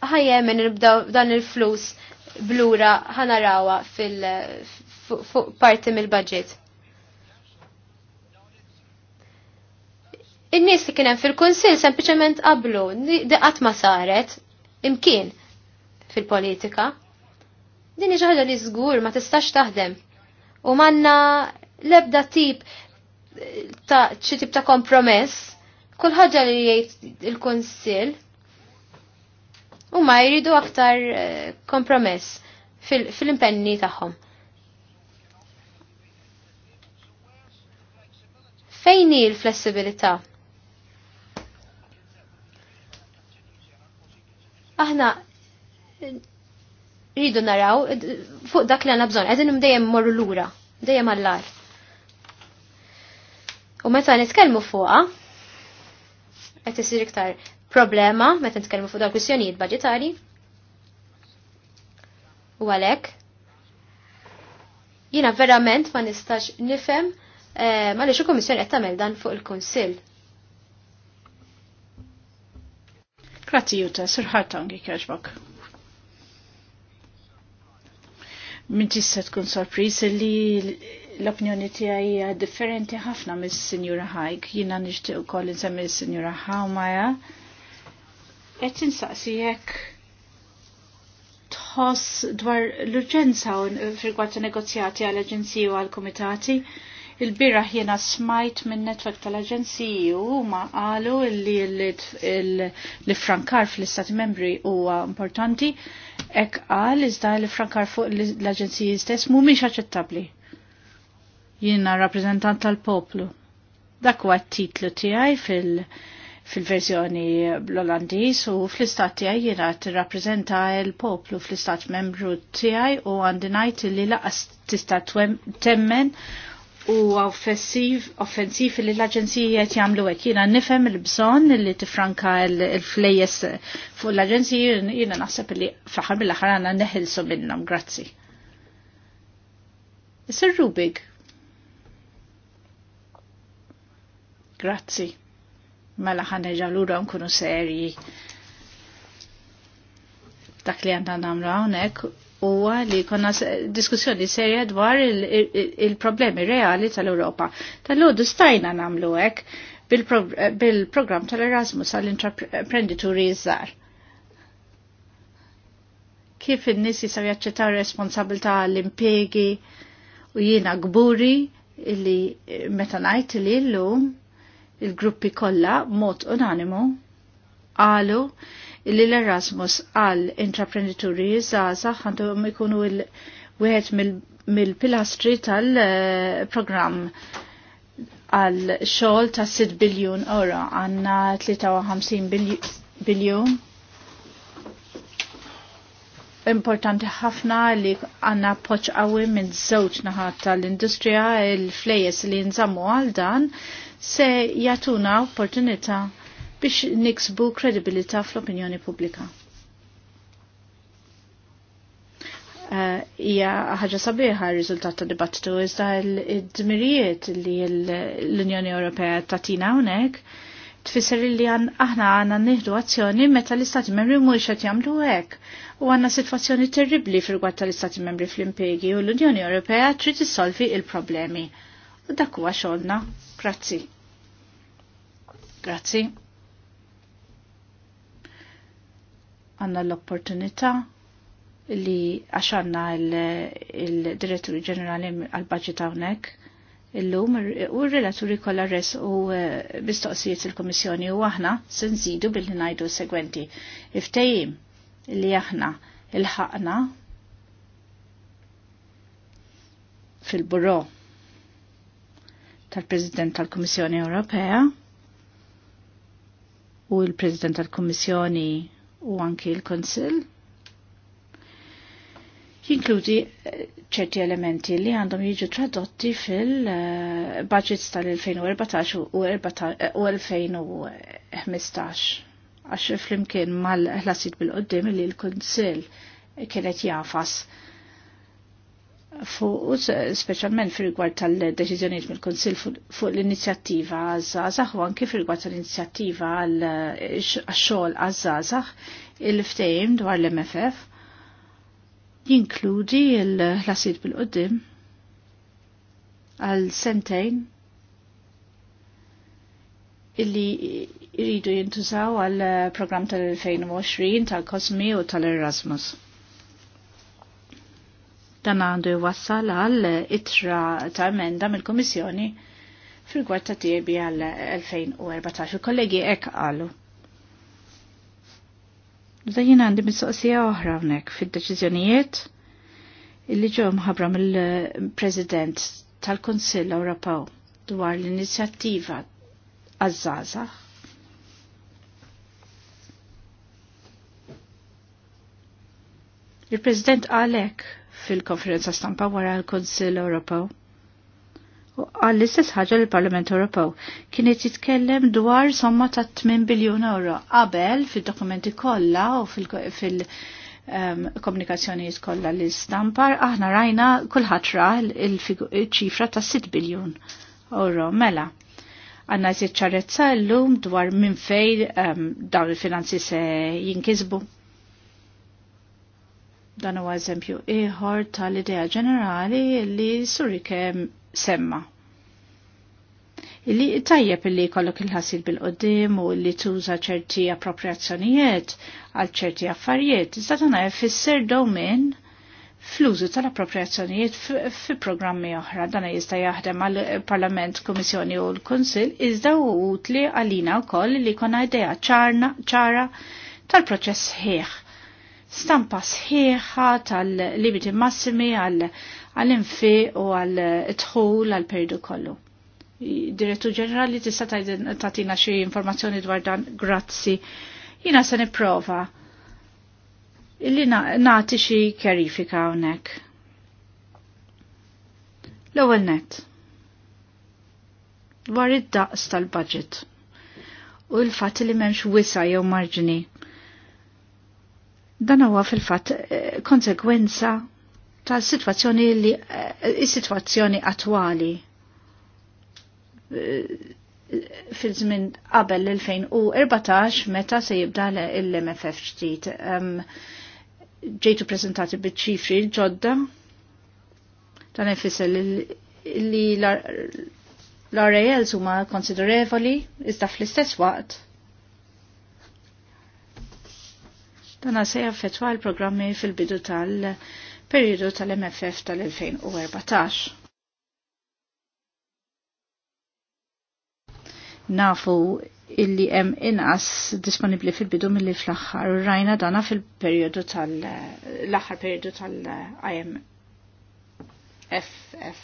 ħajjem nibdaw dan il-flus blura ħanarawa fil fuq parti mill-budget. In-nies li kien hemm fil-Kunsill sempliċement qablu diqat ma saret imkien fil-politika. Din hija ħaġa li żgur ma tistax taħdem. U manna lebda tip eh, ta' xi tip ta' kompromess, kull ħaġa li jgħid il-Kunsill u ma jridu aktar eh, kompromess fil-impenni tagħhom. Fejn hi l-flessibilità? Aħna eh, rridu naraw eh, fuq dak li għandna bżonn, qegħdin dejjem morru lura, dejjem għall-ar. U meta nitkellmu fuqha, qed isir iktar problema meta nitkellmu fuq dal-kwistjonijiet budġetari. U għalhekk jiena verament ma nistax nifhem għaliex eh, il-Kummissjoni qed tagħmel dan fuq il-Kunsill. Grazzi Juta, Sir Ħartangi kieġbok. Min tista tkun sorpris li l-opinjoni tiegħi hija differenti ħafna mis-Sinjura Hajk. Jiena nixtieq ukoll insemmi s-Sinjura Hawmaja. Qed insaqsi jekk tħoss dwar l-urġenza fil-gwad negozjati għal-Aġenziji għal-Kumitati. Il-bira jiena smajt minn netwerk tal-Aġenziji u ma qalu li l-frankar fl-Istati membri huwa importanti ek qal iżda l-frankar fuq l-Aġenziji stess mhumiex aċċettabbli. Jiena rappresentant tal-poplu. Dak huwa t-titlu tiegħi fil- fil-verżjoni bl-Olandis u fl-istat tiegħi t tirrappreżenta l-poplu fl-istat membru tiegħi u għandi ngħid li laqas tista' temmen u offensiv li l agenzijiet qed jagħmlu hekk. Jiena nifhem il-bżonn li tifranka l-flejjes fuq l agenzijiet jiena naħseb li faħar mill-aħħar għandna neħilsu minnhom. Grazzi. Sir Rubik. Grazzi mela l lura nkunu serji dak li għandna namlu hawnhekk huwa li konna diskussjoni serja dwar il-problemi reali tal-Ewropa. tal ħodu stajna namlu hekk bil-programm bil programm tal għall-intraprenditori iż Kif in-nies jistgħu jaċċettaw responsabilità għall-impjegi u jiena gburi li meta ngħid li llum il-gruppi kollha mod unanimu għalu li l-Erasmus għal intraprenditori żgħażagħ għandhom ikunu wieħed mill-pilastri mil tal-programm għal xogħol ta' 6 biljun euro għandna 53 biljun importanti ħafna li għanna poċ għawi minn żewġ naħat tal-industrija il-flejes li nżammu għal dan se jatuna opportunità biex niksbu kredibilità fl-opinjoni pubblika. Eh, hija ħaġa sabiħa r-riżultat ta' dibattitu iżda l-dmirijiet li l-Unjoni Ewropea tatina hawnhekk tfisser li aħna għanna nieħdu azzjoni meta l-Istati Membri mhux qed jagħmlu hekk. U għanna sitwazzjoni terribli fil-gwatt tal-Istati Membri fl impegi u l-Unjoni Ewropea trid issolvi il-problemi. U dak huwa xogħolna. Grazzi. Grazzi. Għanna l-opportunità li għaxanna il-direttur ġenerali għal-budget għawnek illum u r-relaturi kolla res u eh, mistoqsijiet il-Komissjoni u aħna senżidu billi najdu segwenti. Iftejim li aħna il ħakna fil-buro tal-President tal-Komissjoni Ewropea u l-President tal-Kommissjoni u anki l-Konsil jinkludi eh, ċerti elementi li għandhom jiġu tradotti fil-budgets tal-2014 u eh, 2015. Għax flimkien mal-ħlasit bil-qoddim li l-Konsil kienet jafas fuq specialment fil rigward tal-deċiżjonijiet mill-Konsil fuq l-inizjattiva għazzazax u anki fil rigward tal-inizjattiva għal-xogħol eh, għazzazax il-ftejm dwar l-MFF jinkludi l-ħlasid bil-qoddim għal sentejn illi jridu jintużaw għal program tal-2020 tal-Kosmi u tal-Erasmus Dan għandu jwassal għal itra ta' emenda mill-Komissjoni fil-gwar ta' tiebi għal 2014. Kollegi ek għallu. Dajjien għandi mistoqsija oħra hawnhekk fid-deċiżjonijiet illi ġew mħabbra mill-President tal-Kunsill Ewropew dwar l-inizjattiva għaż Il-President għalek fil-konferenza stampa wara l-Konsil Ewropew. Għall istess ħaġa l-Parlament Ewropew kienet jitkellem dwar somma ta' 8 biljun euro qabel fid dokumenti kollha u fil- ehm, komunikazzjonijiet kollha l stampar aħna rajna kulħadd ra il-ċifra ta' 6 biljun euro mela għanna ċarezza l-lum dwar minn fej um, ehm, dawn il-finanzi se jinkisbu. Dan huwa eżempju ieħor tal-idea ġenerali li surike semma. Illi tajjeb illi kollok il-ħasil bil-qoddim u li tuża ċerti appropriazzjonijiet għal ċerti affarijiet, iżda jfisser fisser domin fl-użu tal-appropriazzjonijiet fi programmi oħra. Dan jista' jaħdem għal Parlament, Kummissjoni u l-Kunsill iżda u utli għalina wkoll li jkollna idea ċara tal-proċess ħieħ stampa sħiħa tal-limiti massimi għal-infi u għal-tħul għal-periodu kollu. Direttu ġenerali tista' tagħtina xi informazzjoni dwar dan grazzi. Jina se nipprova illi nagħti xi kjarifika hawnhekk. L-ewwel net dwar id-daqs tal-budget u l-fatt li m'hemmx wisa jew marġini Dan huwa fil-fatt eh, konsekwenza ta' situazzjoni li eh, is-sitwazzjoni attwali eh, fil-żmien qabel l-2014 meta se jibda l-MFF ġdid. Ġejtu preżentati biċ-ċifri l-ġodda dan ifisser li l-RALs huma konsiderevoli iżda fl-istess waqt Dana se jaffetwa l-programmi fil-bidu tal-periodu tal-MFF tal-2014. Nafu illi hemm inqas disponibbli fil-bidu milli fl-aħħar. Rajna dana fil-periodu tal-aħħar periodu tal-IMFF. imf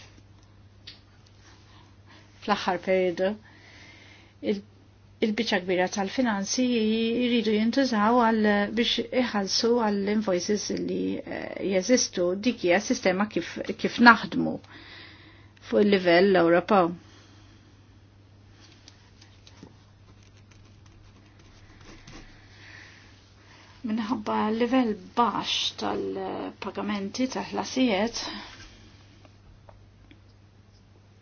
fl aħħar periodu il il bicċa kbira tal-finanzi jiridu jintużaw għal biex iħalsu għall invoices li eh, jeżistu dik hija sistema kif, kif naħdmu fuq il-livell Ewropew. Minħabba livell baxx tal-pagamenti tal-ħlasijiet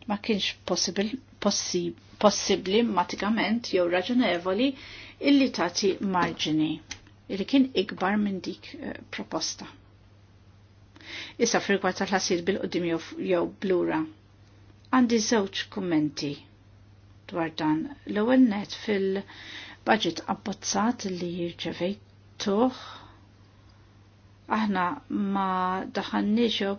ma kienx possibil possibbli matikament jew raġunevoli illi tagħti marġini illi kien ikbar minn dik eh, proposta. Issa frigwa tal-ħasir bil-qoddim jew blura. Għandi żewġ kummenti dwar dan. L-ewwel net fil-budget abbozzat li jirċevejtuh aħna ma daħannix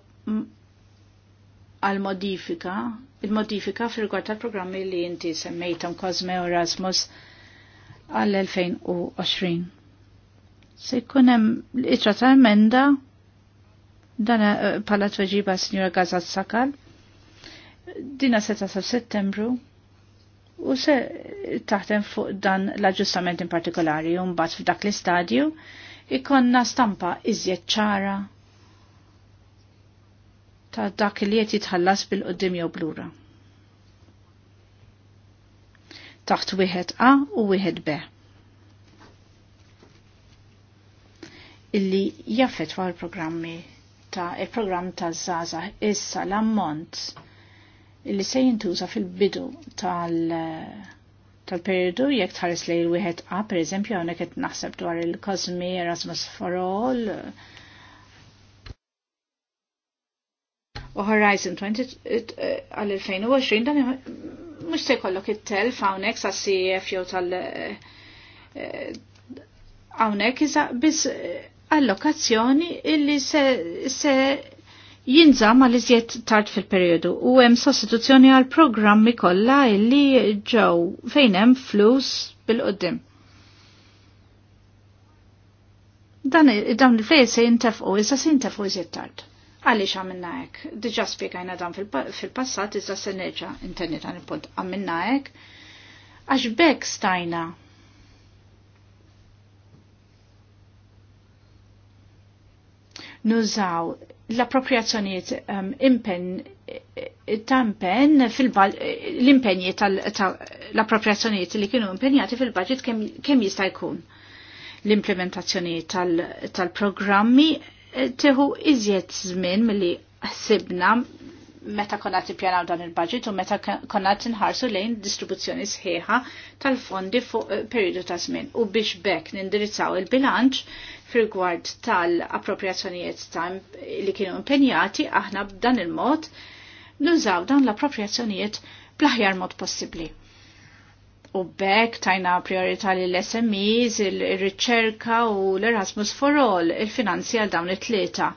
għal modifika il-modifika fil-rigward tal-programmi li inti semmejtom Cosme u Erasmus għall-2020. Se jkunem l-itra ta' emenda dan eh, pala tweġiba signora Gazat Sakal dina seta sa' settembru u se taħtem fuq dan l-aġġustament in partikolari un bat f'dak l-istadju ikonna stampa iżjed ċara ta' dak li qed jitħallas bil-qoddim jew blura. Taħt wieħed A u wieħed B. Illi jaffet war programmi ta' il-programm ta' Zaza issa l-ammont illi se jintuża fil-bidu tal- tal-periodu jekk tħares lejl wieħed A, pereżempju hawnhekk qed naħseb dwar il-Cosmi Erasmus for All, u Horizon 20 għal-2020 dan mux se kollok it-tel fawnek sa' CEF jew tal- għawnek eh, eh, iza biz eh, allokazzjoni illi se, se jinżam għal iżjed tard fil-periodu u hemm sostituzzjoni għal programmi kollha illi ġew fejn hemm flus bil-qoddim. Dan, dan il-fejl se jintefqu, issa se jintefqu iżjed tard. Għaliex għamilna hekk? Diġà spjegajna dan fil-passat iżda se nerġa' internet għan il-punt għamilna hekk. Għax bekk stajna nużaw l-appropriazzjoniet um, impen tampen l-impenji tal-appropriazzjoniet li kienu impenjati fil-budget kemm kem jista' jkun l-implementazzjoni tal-programmi tal teħu iżjed żmien milli ħsibna meta konna tippjanaw dan il-budget u meta konna tinħarsu lejn distribuzzjoni sħiħa tal-fondi fuq eh, periodu ta' żmien u biex bekk nindirizzaw il-bilanċ fil-gward tal-appropriazzjonijiet ta' li kienu impenjati aħna b'dan il-mod nużaw dan l-appropriazzjonijiet bl-aħjar mod possibbli. U bekk tajna priorità li l-SMEs, il-riċerka u l-Erasmus for All, il-finanzi għal dawn it-tlieta.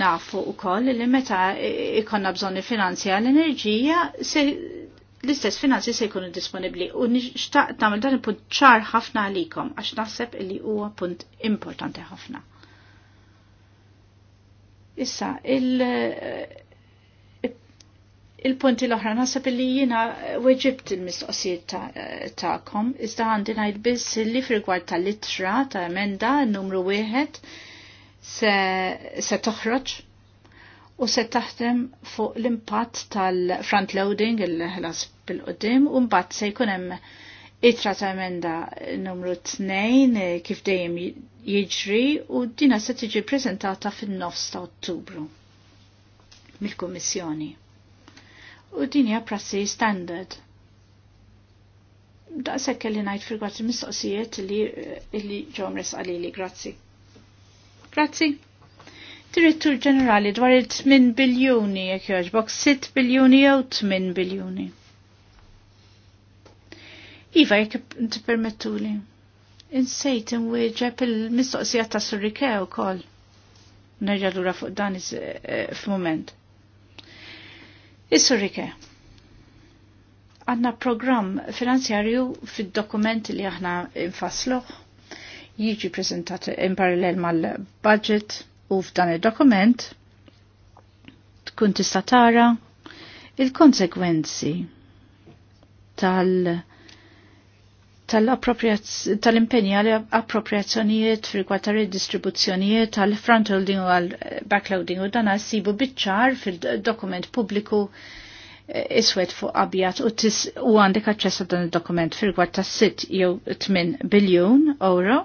Nafu u koll li meta ikonna bżonni finanzi għal enerġija l-istess finanzi se jkunu disponibli u nishtaq tamil dan il-punt ċar ħafna għalikom għax naħseb li huwa punt importanti ħafna. Issa, il- il-punti l-oħra nasab li jina eh, weġibt il-mistoqsijiet eh, ta'kom, iżda għandi ngħid biss li frigward tal-litra ta' emenda numru wieħed se toħroġ u se taħdem fuq l-impatt tal-front loading il-ħlas bil-qoddim u mbagħad se jkun hemm itra ta' emenda numru 2 eh, kif dejjem jiġri u dina se tiġi prezentata fin-nofs ta' Ottubru mill-Kummissjoni u din hija prassi standard. Daqshekk kelli ngħid fil il mistoqsijiet li ġom resqalili, grazzi. Grazzi. Direttur ġenerali dwar il-8 biljuni jekk jogħġbok 6 biljuni jew 8 biljuni. Iva jekk tippermettuli. Insejt inwieġeb il-mistoqsija ta' surrikew ukoll. Nerġa' lura fuq dan eh, f'mument. Is-surike. Għanna program finanzjarju fil-dokument li aħna infasluħ jiġi prezentat in parallel mal-budget u f'dan il-dokument tkun tista' tara il-konsekwenzi tal- tal-impenja tal appropriazzjonijiet fil-kwa ta' redistribuzzjonijiet tal-frontholding u għal-backloading eh, u dan għassibu bitċar fil-dokument publiku eh, iswed fuq abjat u tis u għandek għacċess dan il-dokument fil-kwa sit jew 8 biljun euro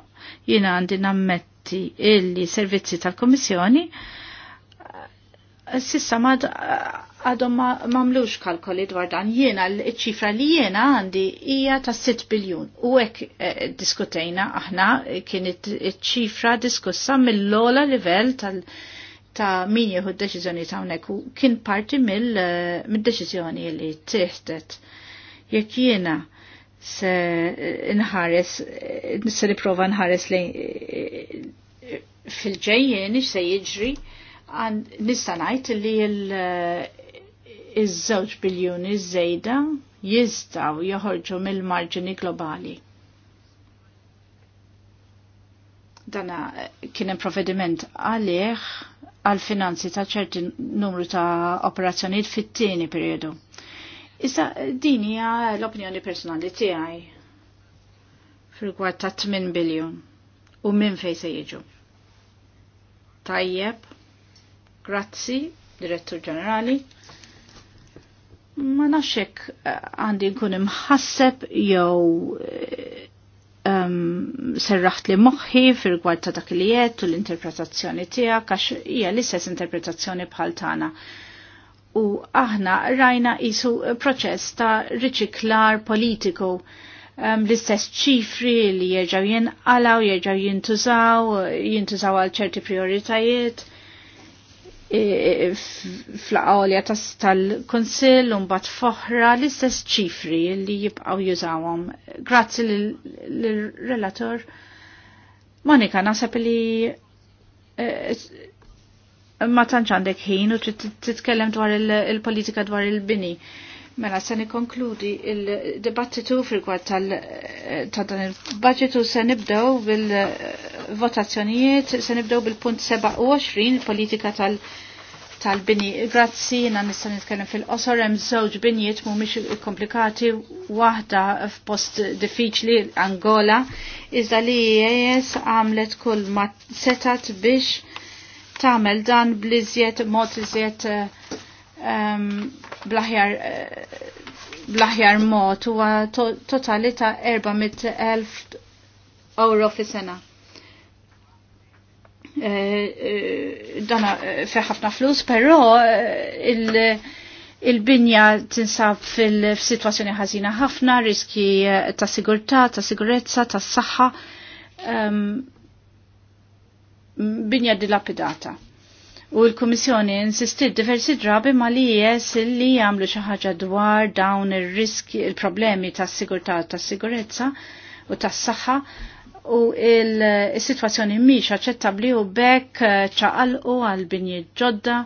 jina għandi nammetti illi servizzi tal-Komissjoni eh, sissa ma għadhom ma mamlux kalkoli dwar dan jiena l-ċifra li jiena għandi hija ta' 6 biljun. U hekk eh, diskutejna aħna kienet ċifra diskussa mill-ola livell tal- ta' min jieħu d-deċiżjoni ta' hawnhekk kien parti mill-deċiżjoni eh, li tiħtet. Jekk jiena se nħares, se prova nħares lejn eh, fil-ġejjien se jiġri għan nistanajt li iż-żewġ biljuni żejda jistaw joħorġu mill-marġini globali. Dana eh, kien hemm provvediment għalih għal finanzi ta' ċerti numru ta' operazzjonijiet fit-tieni periodu. Issa din hija l-opinjoni personali tiegħi fil ta' 8 biljun u minn fejn se jiġu. Tajjeb, grazzi, Direttur Ġenerali ma nafxek eh, għandi nkun imħasseb jew um, serraħt li moħħi fil-gwad ta' dak li u l-interpretazzjoni tiegħek għax hija l-istess interpretazzjoni bħal tagħna. U aħna rajna isu proċess ta' riċiklar politiku um, l-istess ċifri li jerġaw jenqalaw, jerġaw jintużaw, jintużaw għal ċerti prioritajiet fl-għolja tal-konsil un bat foħra l-istess ċifri li jibqaw jużawom. Grazzi l-relator. Monika, nasab li e, e, ma tanċandek ħin u titkellem dwar il-politika dwar il-bini. il politika dwar il bini Mela, se nikonkludi il-dibattitu fil-gwad tal-dan il-budgetu se nibdew bil-votazzjonijiet, se nibdew bil-punt 27, politika tal- tal-bini. Grazzi, na nista' nitkellem fil-qosor hemm żewġ mu mhumiex komplikati waħda f'post diffiċli Angola, iżda li jes e għamlet kull ma setat biex tagħmel dan bliżjed mod iżjed um, blaħjar blaħjar mod huwa totali ta' 400,000 euro fi sena. Eh, eh, Dana eh, feħafna ħafna flus, però il-binja tinsab fil-situazzjoni ħażina ħafna, riski ta' sigurtà, ta' sigurezza, ta' saħħa, ehm, binja dilapidata. U l-Kummissjoni insistiet diversi drabi ma li jes li jagħmlu xi ħaġa dwar dawn ir-riski il problemi tas-sigurtà tas-sigurezza u tas-saħħa u il-sitwazzjoni mhix aċċettabbli u bekk eh, ċaqalqu għal binji ġodda.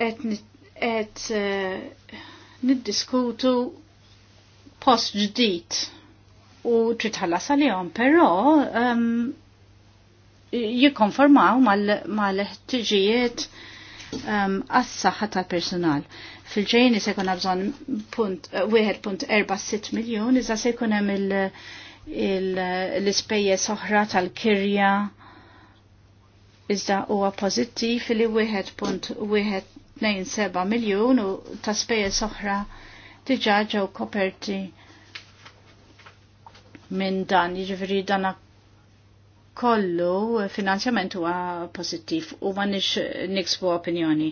Et, eh, niddiskutu post ġdid u trid ħallas pero però um, jikkonformaw mal-ħtiġijiet mal ehm, għas-saħħa um, tal-personal. Fil-ġejni se jkun bżonn punt 1.46 eh, miljun iżda se jkun hemm l-ispejjeż oħra tal-kirja iżda huwa pożittiv li 1.27 miljun u ta' spejjeż oħra diġà ġew koperti minn dan, jiġifieri dan kollu finanzjament huwa pożittiv u ma nix niksbu opinjoni.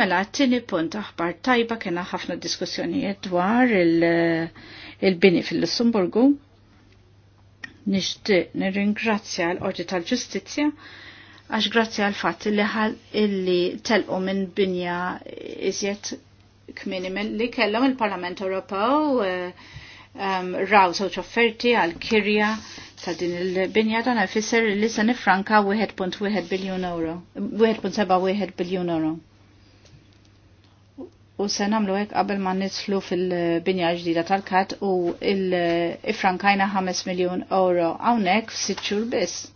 Mela, t-tieni punt aħbar tajba kena ħafna diskussjonijiet dwar il-bini il bini fil lussemburgu Nixtieq nirringrazzja l-Qorti tal-Ġustizzja għax grazzi għal fatt li ħal illi telqu minn binja iżjed kmini li kellhom il-Parlament Ewropew eh, um, raw soċ offerti għal kirja ta' din il-binja ta' għafisser li se nifranka 1.1 biljun euro, 1.71 biljun euro. U se namlu hekk qabel ma nitlu fil-binja ġdida tal-kat u il-ifrankajna 5 miljun euro hawnhekk f'sitt xhur biss.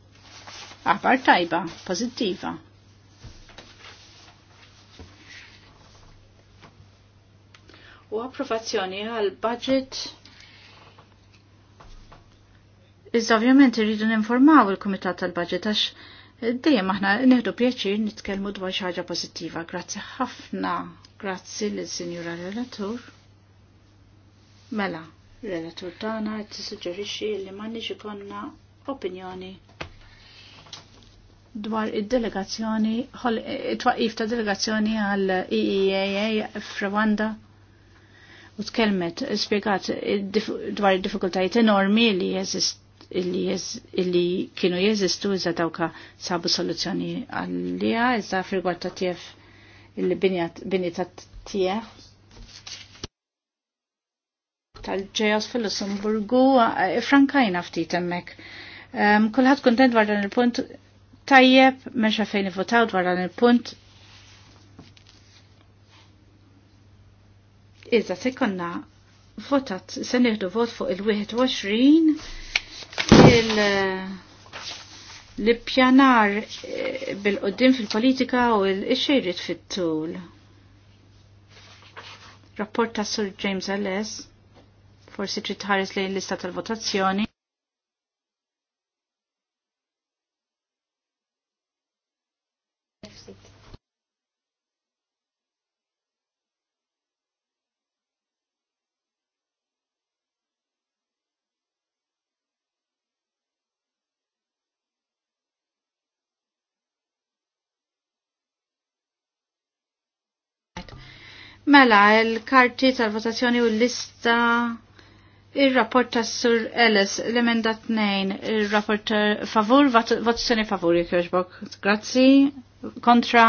Aħbar tajba, pożittiva. U approvazzjoni għal budget Iżda ovvjament irridu ninformaw il-Kumitat tal-Baġit għax eh, dejjem aħna neħdu pjaċir nitkellmu dwar xi ħaġa pożittiva. Grazzi ħafna. Grazzi lil sinjura Relatur. Mela, Relatur tagħna qed tissuġġerixxi li m'għandniex ikonna opinjoni dwar id-delegazzjoni, it-twaqif eh, ta' delegazzjoni għal EEAA f'Rwanda u tkellmet spjegat dwar id-diffikultajiet enormi li jeżist illi kienu jeżistu iżda dawka sabu soluzzjoni għallija iżda frigwar ta' tjef il-bini ta' tjef tal-ġejas fil-Lussemburgu eh, frankajna ftit emmek. Um, Kulħat kontent dwar dan il-punt tajjeb, meċa fejn votaw dwar dan il-punt. Iżda se konna votat, se nieħdu vot fuq il-21 l-ippjanar eh, bil-qoddim fil-politika u l-xejrit fit-tul. Rapport ta' Sir James Ellis, forsi trid tħares lejn lista tal-votazzjoni. Mela, il-karti tal-votazzjoni u l-lista il-rapport tas Sur Ellis, l-emenda 2, il-rapport favur, votazzjoni favur, jekjoġbok. Grazzi, kontra,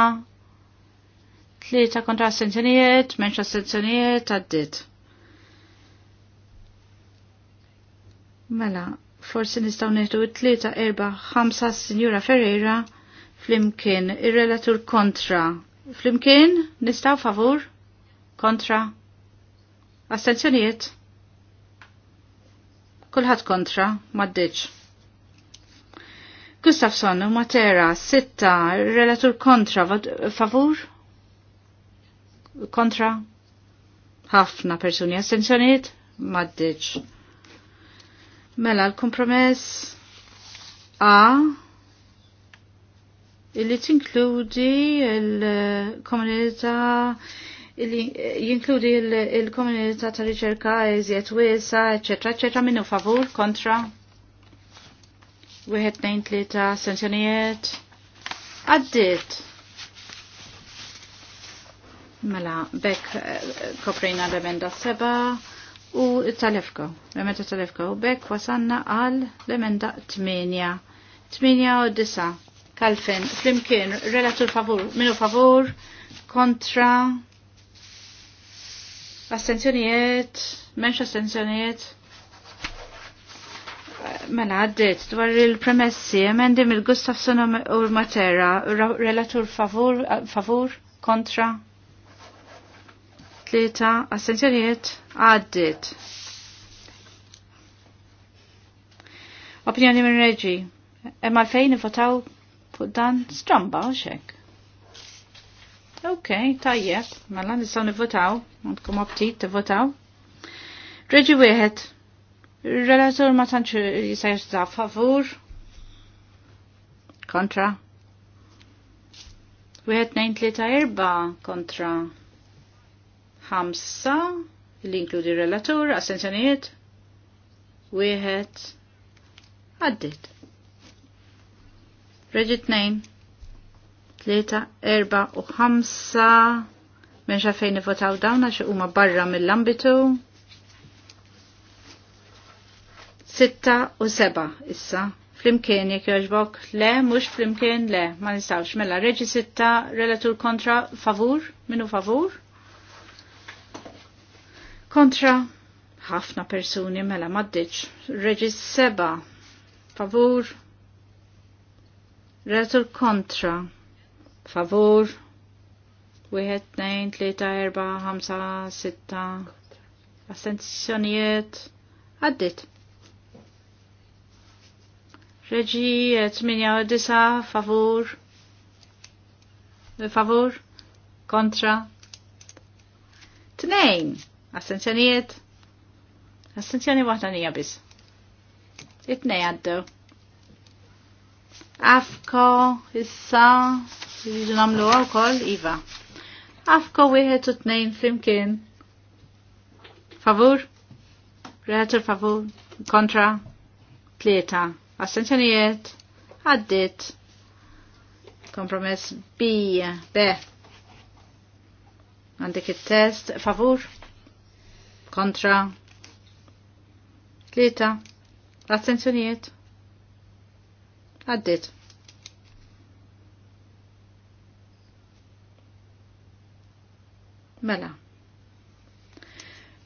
tlieta kontra assenzjonijiet, menċa assenzjonijiet, għaddit. Mela, forsi nistaw neħdu tlieta erba ħamsa Signora Ferreira flimkien, il-relatur kontra. Flimkien, nistaw favur? kontra, astenzjoniet, kullħat kontra, maddiċ. Gustafson, Matera, sitta, relatur kontra, favur? Kontra? Ħafna persuni, astenzjoniet, maddiċ. Mela, l-kompromess A illi tinkludi l-komunità illi eh, jinkludi il-komunità ta' riċerka, eżiet wiesa, eccetera, eccetera, minnu favur, kontra, wieħed nejn tlieta sensjonijiet Għaddit. Mela, bekk eh, koprejna l-emenda seba u tal-efko. L-emenda tal-efko u bekk wasanna għal l-emenda tminja, tminja u disa, Kalfen, flimkien, relatur favur, minnu favur, kontra, Assenzjonijiet, menx assenzjonijiet? Eh, mela għaddit dwar il-premessi, emendim il-Gustafson u l-Matera, relatur favur, eh, favur, kontra. Tlieta, assenzjonijiet għaddit. Opinjoni minn reġi, emma fejn votaw fuq dan stromba u xek. Ok, tajjeb, mela nistaw nivvotaw, għandkom optit tivvotaw. Reġi wieħed, relatur ma tantx jista' jista' favur, kontra. Wieħed nejn tlieta erba' kontra ħamsa li inkludi relatur, assenzjonijiet, wieħed għaddit. Reġi tnejn tleta, erba u ħamsa. Menxa fejn nivotaw dawna xe huma barra mill-ambitu. Sitta u seba issa. Flimkien jek joġbok le, mux flimkien le, ma nistawx. Mela, reġi sitta, relatur kontra, favur, minu favur. Kontra, ħafna persuni mela maddiċ. Reġi seba, favur, relatur kontra favor. wieħed, tnejn, tlieta, erba, ħamsa, sitta, astenzjonijiet, għaddit. Reġi minja disa favur, favur, kontra, tnejn, astenzjonijiet, astenzjoni waħda nija biss. Itnej nej għaddew. Afko, issa, rridu namlu kol, iva. Afko wieħed u tnejn flimkien. Favur? Reħatur favur? Kontra? Tlieta. Assenzjonijiet? Għaddit. Kompromess B. B. Għandek il-test. Favur? Kontra? Tlieta. Assenzjonijiet? Għaddit. Mela.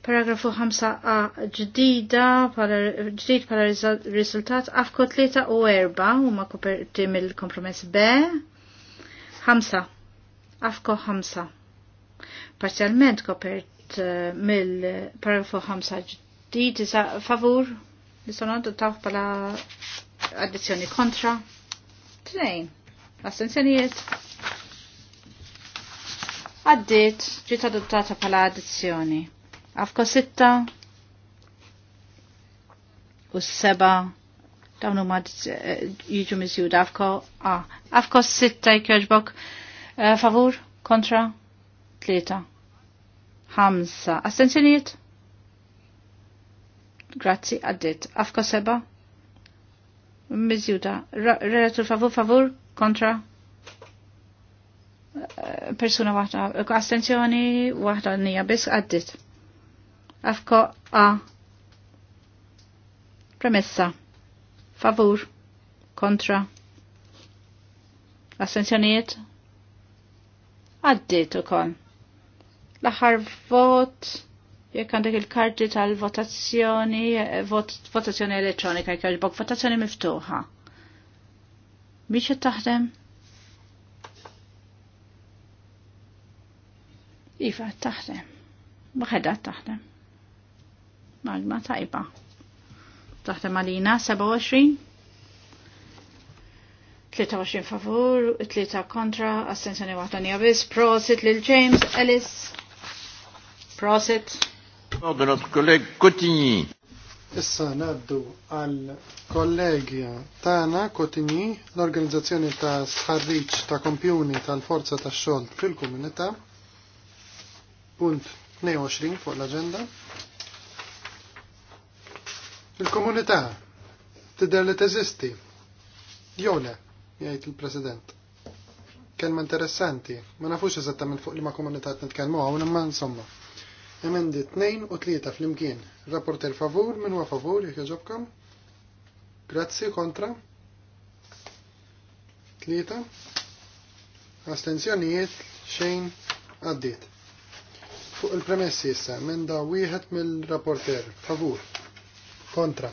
Paragrafu 5a ġdida, ġdid pala riżultat afko 3 u 4 huma koperti mill-kompromess B. 5. Afko 5. Parzjalment kopert eh, mill-paragrafu 5 ġdid isa favur li sonod taw pala addizzjoni kontra. Tnejn. Astenzjonijiet għaddit ġiet adottata pala addizzjoni. Afko sitta u seba dawn huma eh, jiġu miżjuda afko a. Afko sitta jkjoġbok eh, favur kontra tlieta. Hamsa. Astenzjoniet? Grazzi, għaddit. Afko seba? Mizjuda. Relatur favur, favur, kontra? persuna waħda, astenzjoni waħda nija biss għaddit. Afko A. Premessa. Favur. Kontra. Astenzjoniet. Għaddit u kon. L-aħħar vot jekk għandek il-karti tal-votazzjoni, votazzjoni elettronika, jekk votazzjoni miftuħa. Biex taħdem? Iva taħdem. Waħda taħdem. Malma tajba. Taħdem għalina 27. 23 favur, 3 kontra, assenzjoni waħda għabis, prosit lil James Ellis. Prosit. Ordre notre collègue Issa naddu għal kollegja tana Kotini, l-organizzazzjoni ta' sħarriċ ta' kompjuni tal-forza ta' xogħol fil komunita punt 22 fuq l-agenda. Il-komunità tidher li teżisti. Jew le, jgħid il-President. Kelma interessanti, ma nafux eżattament fuq li ma komunità nitkellmu hawn imma insomma. Emendi tnejn u tlieta flimkien. Rapporter favur, min huwa favur, jekk jogħġobkom. Grazzi, kontra. Tlieta. Astenzjonijiet, xejn, għaddiet. Fuq il-premessi issa, menda wieħed mill-rapporter, favur, kontra.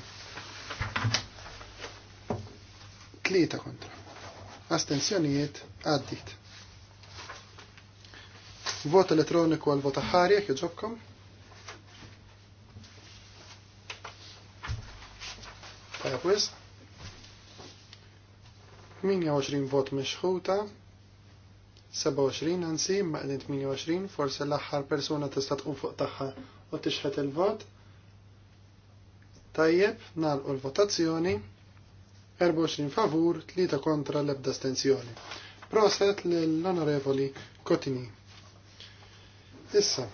Tlieta kontra. Astenzjonijiet għaddit. Vot elettroniku għal vota ħarja, jek joġobkom. 28 vot mexħuta, 27 ansi ma qegħdin 28 forsi l-aħħar persuna tista' tqum fuq tagħha u tixħet il-vot. Tajjeb, nagħlqu l-votazzjoni. 24 favur, 3 kontra l-ebda stenzjoni. Proset l-onorevoli Kotini. Issa,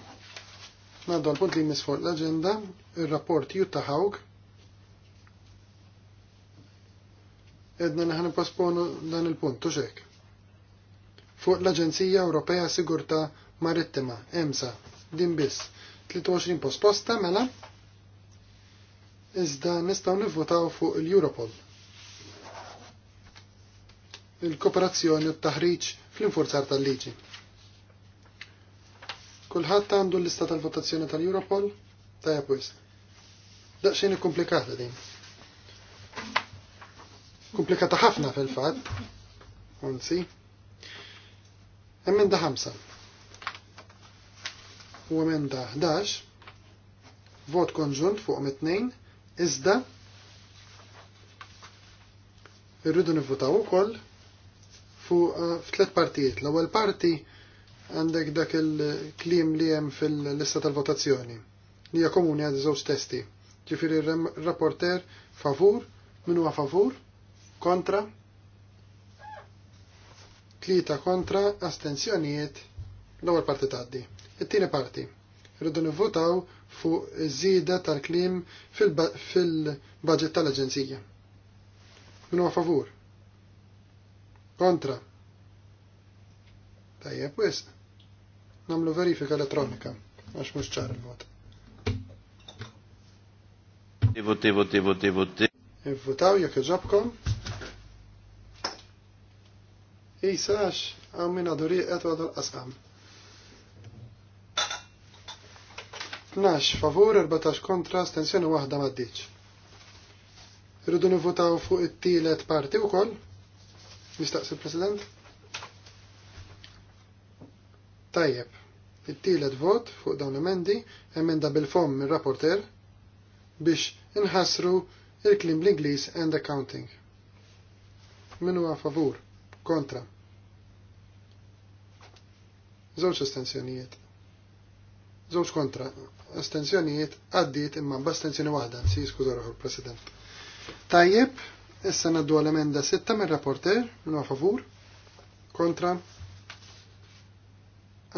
naddu l punt li fuq l-agenda, il-rapport Jutta Hawk. Edna neħan posponu dan il-punt, tuxek fuq l-Aġenzija Ewropea Sigurta Marittima, EMSA, din biss. 23 posposta mela, iżda nistgħu nivvotaw fuq l-Europol. Il-kooperazzjoni u t-taħriġ fl-infurzar tal-liġi. Kulħadd għandu l-lista tal-votazzjoni tal-Europol, tajja pwis. Daqxini komplikata din. Komplikata ħafna fil-fatt. Unsi. Emenda 5. U emenda 11. Vot konġunt fuq mit-tnejn. Iżda irridu nivvotaw ukoll fuq eh, f'tliet partijiet. L-ewwel parti għandek dak il-klim li hemm fil-lista tal-votazzjoni li hija komuni għad żewġ testi. Ġifieri rapporter favur, min huwa favur, kontra, Tlieta kontra, astenzjonijiet, l-ewwel parti tgħaddi. It-tieni parti. Irridu nivvotaw fuq iż-żieda tal-klim fil-budget tal-Aġenzija. Min huwa favur? Kontra. Tajjeb wisq. Namlu verifika elettronika għax mhux ċar il-vot. Ivvotaw Ivvutaw jekk iġobkom jisax għax għaw minn għadu riqet għadu l-qasam. 12 favur, 14 kontra, stensjoni wahda maddiċ. Rridu nivutaw fuq it-tielet parti u koll. Mistaqsi president Tajjeb, it-tielet vot fuq dawn emendi, emenda bil-fom minn rapporter biex inħassru il-klim bl-Inglis and accounting. Minu għafavur. favur kontra. Żewġ astenzjonijiet. Żewġ kontra. Astenzjonijiet għaddiet imma estensjoni waħda, si skuża ruħu president Tajjeb, issa naddu għal-emenda 6 mir rapporter minn favur, kontra,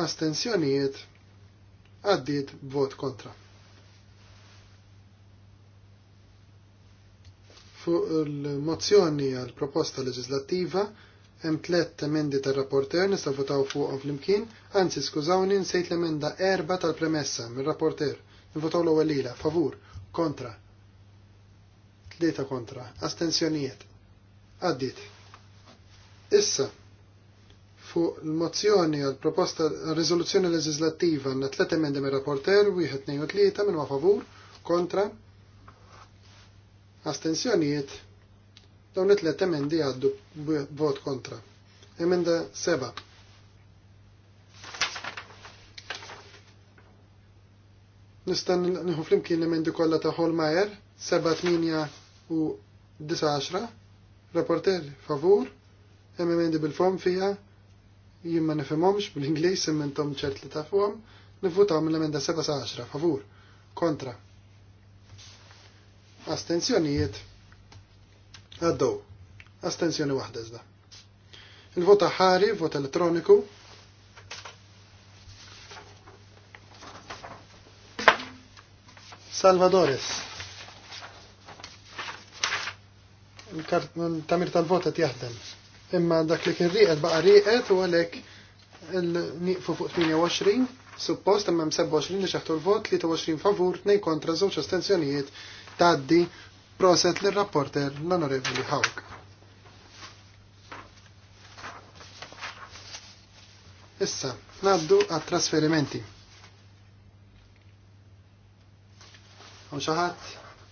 astenzjonijiet, għaddiet b'vot kontra. Fuq il-mozzjoni għal proposta leġislattiva hemm tliet emendi tar-rapporter nistgħu votaw fuqhom flimkien, anzi skużawni nsejt l-emenda erba' tal-premessa mir-rapporter. Nvotaw l-ewwel lila favur, kontra. Tlieta kontra, astensjonijiet. Għaddiet. Issa fuq l-mozzjoni għal proposta riżoluzzjoni leġislattiva għandna tliet emendi mir-rapporter, wieħed nejn u tlieta minn ma favur, kontra. Astensjonijiet Dawn it-tlet emendi għaddu vot kontra. Emenda seba. Nistan nħu flimkien emendi kollha ta' Holmajer, 7-8 u 9 rapporter favur, emendi bil-fom fija, jien ma bil bl-Ingliż immentom ċert li tafhom, nifutaw mill-emenda 7 sa 10 favur kontra. Astenzjonijiet għaddew. Astenzjoni wahda zda. Il-vota ħari, vot elettroniku. Salvadores. Il-tamir tal-vota jaħdem. Imma dak li kien riqet baqa riqet u għalek il-niqfu fuq 28, suppost imma 27 li xaħtu l-vot, 23 favur, 2 kontra, 2 astenzjonijiet, taddi Proset l-rapporter l-Onorevoli Hawk. Issa, naddu għat trasferimenti. Għaw xaħat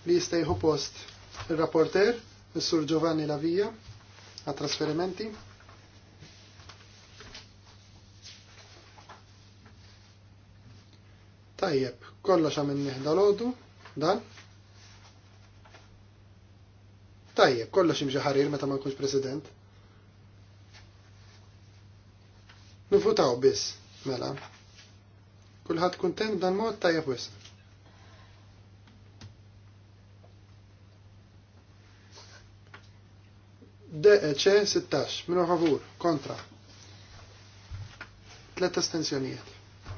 li jistajħu post il-rapporter, il-sur Giovanni Lavija, għat trasferimenti. Tajjeb, kollox għamil nihda l-ħodu, dan. Tajjeb, kollox imxi ħarir meta ma nkunx president. Nifutaw biss, mela. Kulħadd kuntent dan mod tajjeb wis. DEC 16, minu favur, kontra. Tlet astensjonijiet.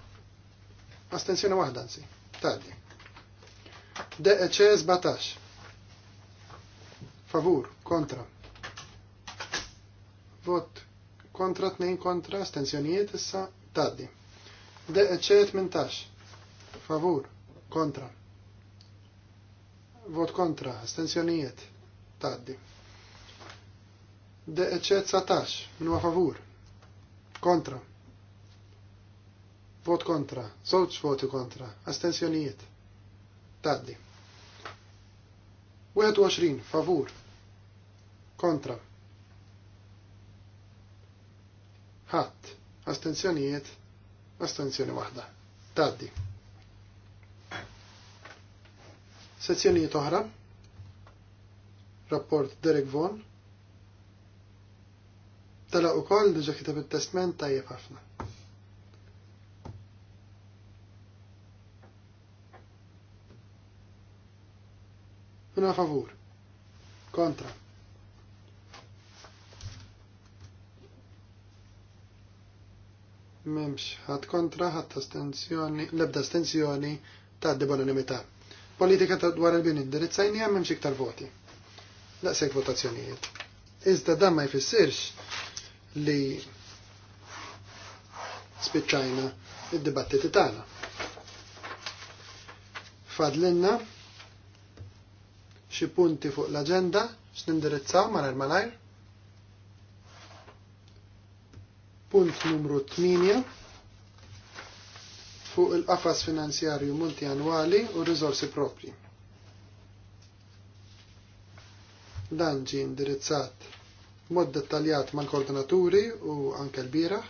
Astensjoni wahda nsi, taddi. DEC 17, favur, kontra. Vot kontra, tnejn kontra, stenzjonijiet issa taddi. Deċe mintax. favur, kontra. Vot kontra, stenzjonijiet taddi. Deċe 19, minwa favur, kontra. Vot kontra, zoċ voti kontra, astenzjonijiet. Taddi. 21, favur, kontra. Ħadd, astenzjonijiet, astenzjoni waħda. Taddi. Sezzjonijiet oħra. Rapport Derek Vaughan. Tala u koll diġa kitab il-testment tajjeb ħafna. Una favur. Kontra. memx ħadd kontra ħadd astenzjoni, l-ebda astenzjoni ta' debonanimità. Politika ta' dwar il-bin għam memx iktar voti. Laqsek votazzjonijiet. Iżda dan ma jfissirx li spiċċajna id-dibattiti tagħna. Fadlinna xi punti fuq l-aġenda x'nindirizzaw mal-malajr punt numru 8 fuq il-qafas finanzjarju multianwali u rizorsi propri. Dan ġi indirizzat mod dettaljat mal-koordinaturi u anke l-biraħ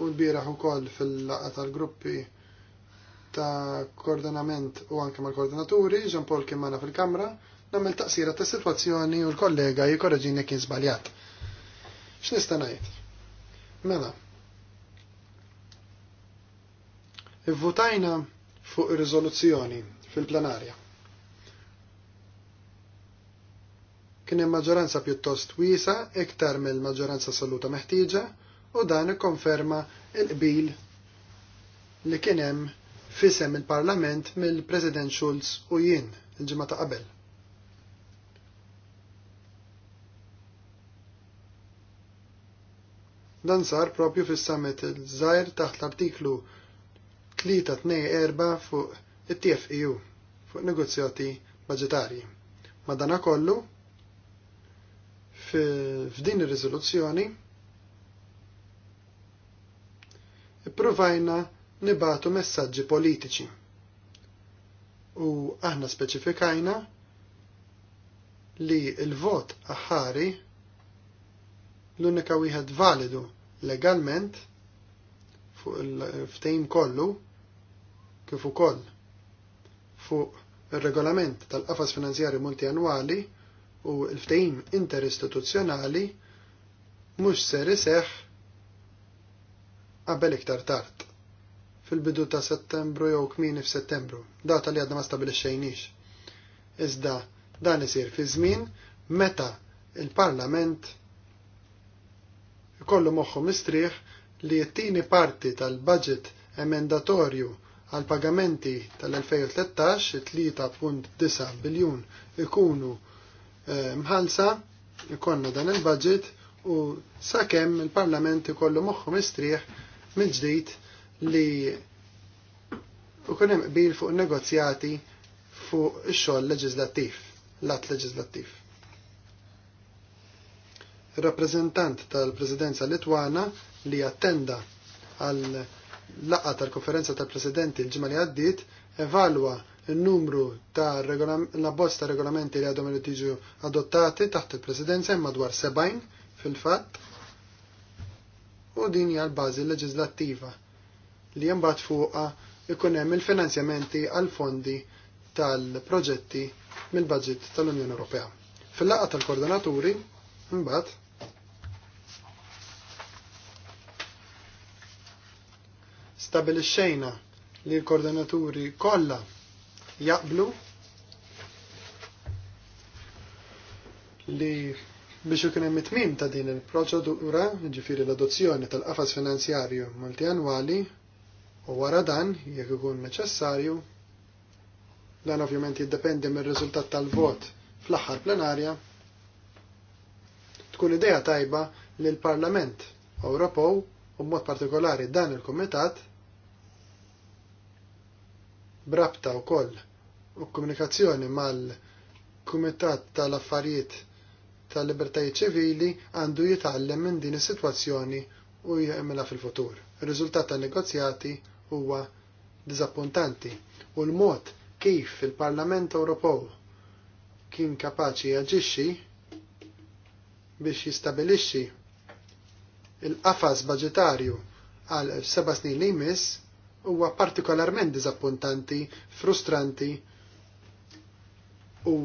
u l-biraħ u koll fil laqqa tal-gruppi ta' koordinament u anke mal-koordinaturi, ġan pol kimmana fil-kamra, namil taqsira ta' situazzjoni u l-kollega jikorraġin kien zbaljat. X'nista' ngħid? Mela. Ivvutajna fuq ir-riżoluzzjoni fil-plenarja. Kien hemm maġġoranza pjuttost wiesa iktar mill-maġġoranza assoluta meħtieġa u dan ikkonferma l-qbil li kien hemm fisem il-Parlament mill-President Schulz u jien il-ġimgħa ta' qabel. Dan sar propju fis-summit il-żajr taħt l-artiklu 324 fuq it-TFEU fuq negozjati Ma Madana kollu, f'din ir-riżoluzzjoni ippruvajna nibatu messaġġi politiċi. U aħna speċifikajna li il-vot aħari l-unika wieħed validu legalment fuq il-ftejn kollu kif ukoll fuq ir-regolament tal-qafas finanzjari multianwali u l ftehim interistituzzjonali mhux ser iseħħ qabel iktar tard fil-bidu ta' settembru jew kmini f'settembru, data li għadna ma stabilixxejniex. Iżda dan isir fi żmien meta il-Parlament Kollu moħħu mistrieħ li t-tieni parti tal-budget emendatorju għal pagamenti tal-2013 3.9 biljun ikunu eh, mħalsa ikonna dan il-budget u sakemm il-Parlament ikollu moħħu mistrieħ mill-ġdid li ukun hemm qbil fuq negozjati fuq ix-xogħol leġislattiv, l-att leġislattiv rappresentant tal-Presidenza Litwana li attenda għal laqqa tal-Konferenza tal-Presidenti l-ġimgħa li għaddiet evalwa n-numru ta' la bozz ta' regolamenti li għadhom il tiġu adottati taħt il-Presidenza imma dwar 70 fil-fatt u din hija l-bażi leġislattiva li jembat fuqa ikun hemm il-finanzjamenti għal fondi tal-proġetti mill-budget tal-Unjoni Ewropea. Fil-laqgħa tal-koordinaturi, imbagħad stabilixxejna li l-koordinaturi kollha jaqblu li biex ikun hemm mitmim ta' din il-proċedura, ġifiri l-adozzjoni tal-qafas finanzjarju multianwali, u wara dan jekk ikun neċessarju, dan ovvjament jiddependi mir-riżultat tal-vot fl-aħħar plenarja, tkun idea tajba li l-Parlament Ewropew u b'mod partikolari dan il-Kumitat brabta u koll u komunikazzjoni mal-Kumitat tal-Affarijiet tal-Libertajiet ċivili għandu jitgħallem minn din is-sitwazzjoni u jemela fil-futur. Ir-riżultat tan-negozjati huwa diżappuntanti u l-mod kif il-Parlament Ewropew kien kapaċi jaġixxi biex jistabilixxi il-qafas budgetarju għal seba' snin li jmiss huwa partikolarment diżappuntanti, frustranti u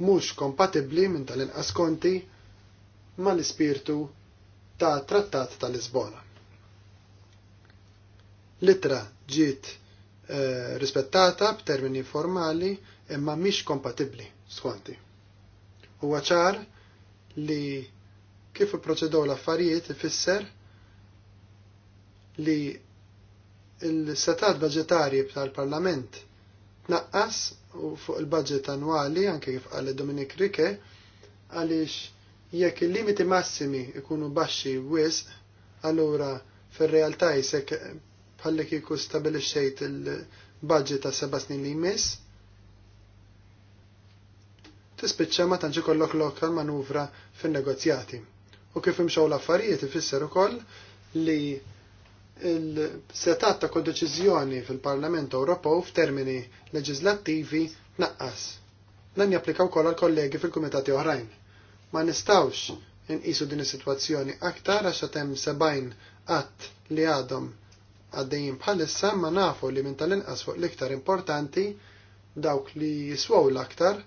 mhux kompatibbli minn tal-inqas konti mal-ispirtu ta' Trattat tal Lisbona. Litra ġiet eh, rispettata b'termini formali imma mhix kompatibbli skonti. Huwa ċar li kif proċedow l-affarijiet ifisser li il-setat budgetari tal-Parlament tnaqqas u fuq il-budget annwali anke kif għal Dominik Rike għaliex jekk il-limiti massimi ikunu baxxi wisq, allura fir-realtà jisek bħalli kieku stabilixxejt il-budget ta' seba' snin li jmiss, tispiċċa ma tantx ikollok lokal manuvra fin-negozjati. U kif imxew l-affarijiet ifisser ukoll li il-setat ta' kodeċizjoni fil-Parlament Ewropew f'termini leġislattivi naqqas. Dan japplikaw kol għal-kollegi fil-kumitati oħrajn. Ma nistawx inqisu din is-sitwazzjoni aktar għax qed hemm sebgħin qatt li għadhom għaddejjin bħalissa ma nafu li minn tal-inqas fuq l-iktar importanti dawk li jiswaw l-aktar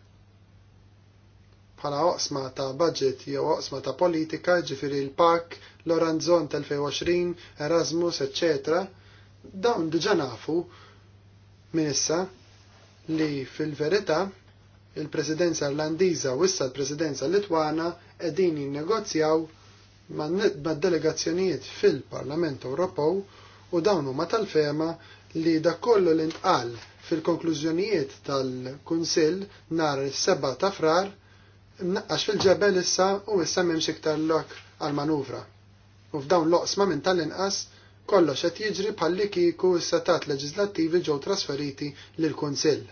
bħala oqsma ta' budget jew oqsma ta' politika, ġifiri l-PAK, l-Oranzon tal-2020, Erasmus, etc. Dawn diġa nafu minissa li fil-verità il-presidenza irlandiża u issa l-presidenza litwana qegħdin negozjaw mad-delegazzjonijiet fil-Parlament Ewropew u dawn huma tal-fema li dak kollu l-intqal fil-konklużjonijiet tal-Kunsill nar 7 ta' frar naqqax fil-ġebel issa u issa memx iktar lok għal manuvra. U f'dawn loqsma minn tal-inqas kollox qed jiġri bħalli kieku s-setat leġislattivi ġew trasferiti lil kunsill.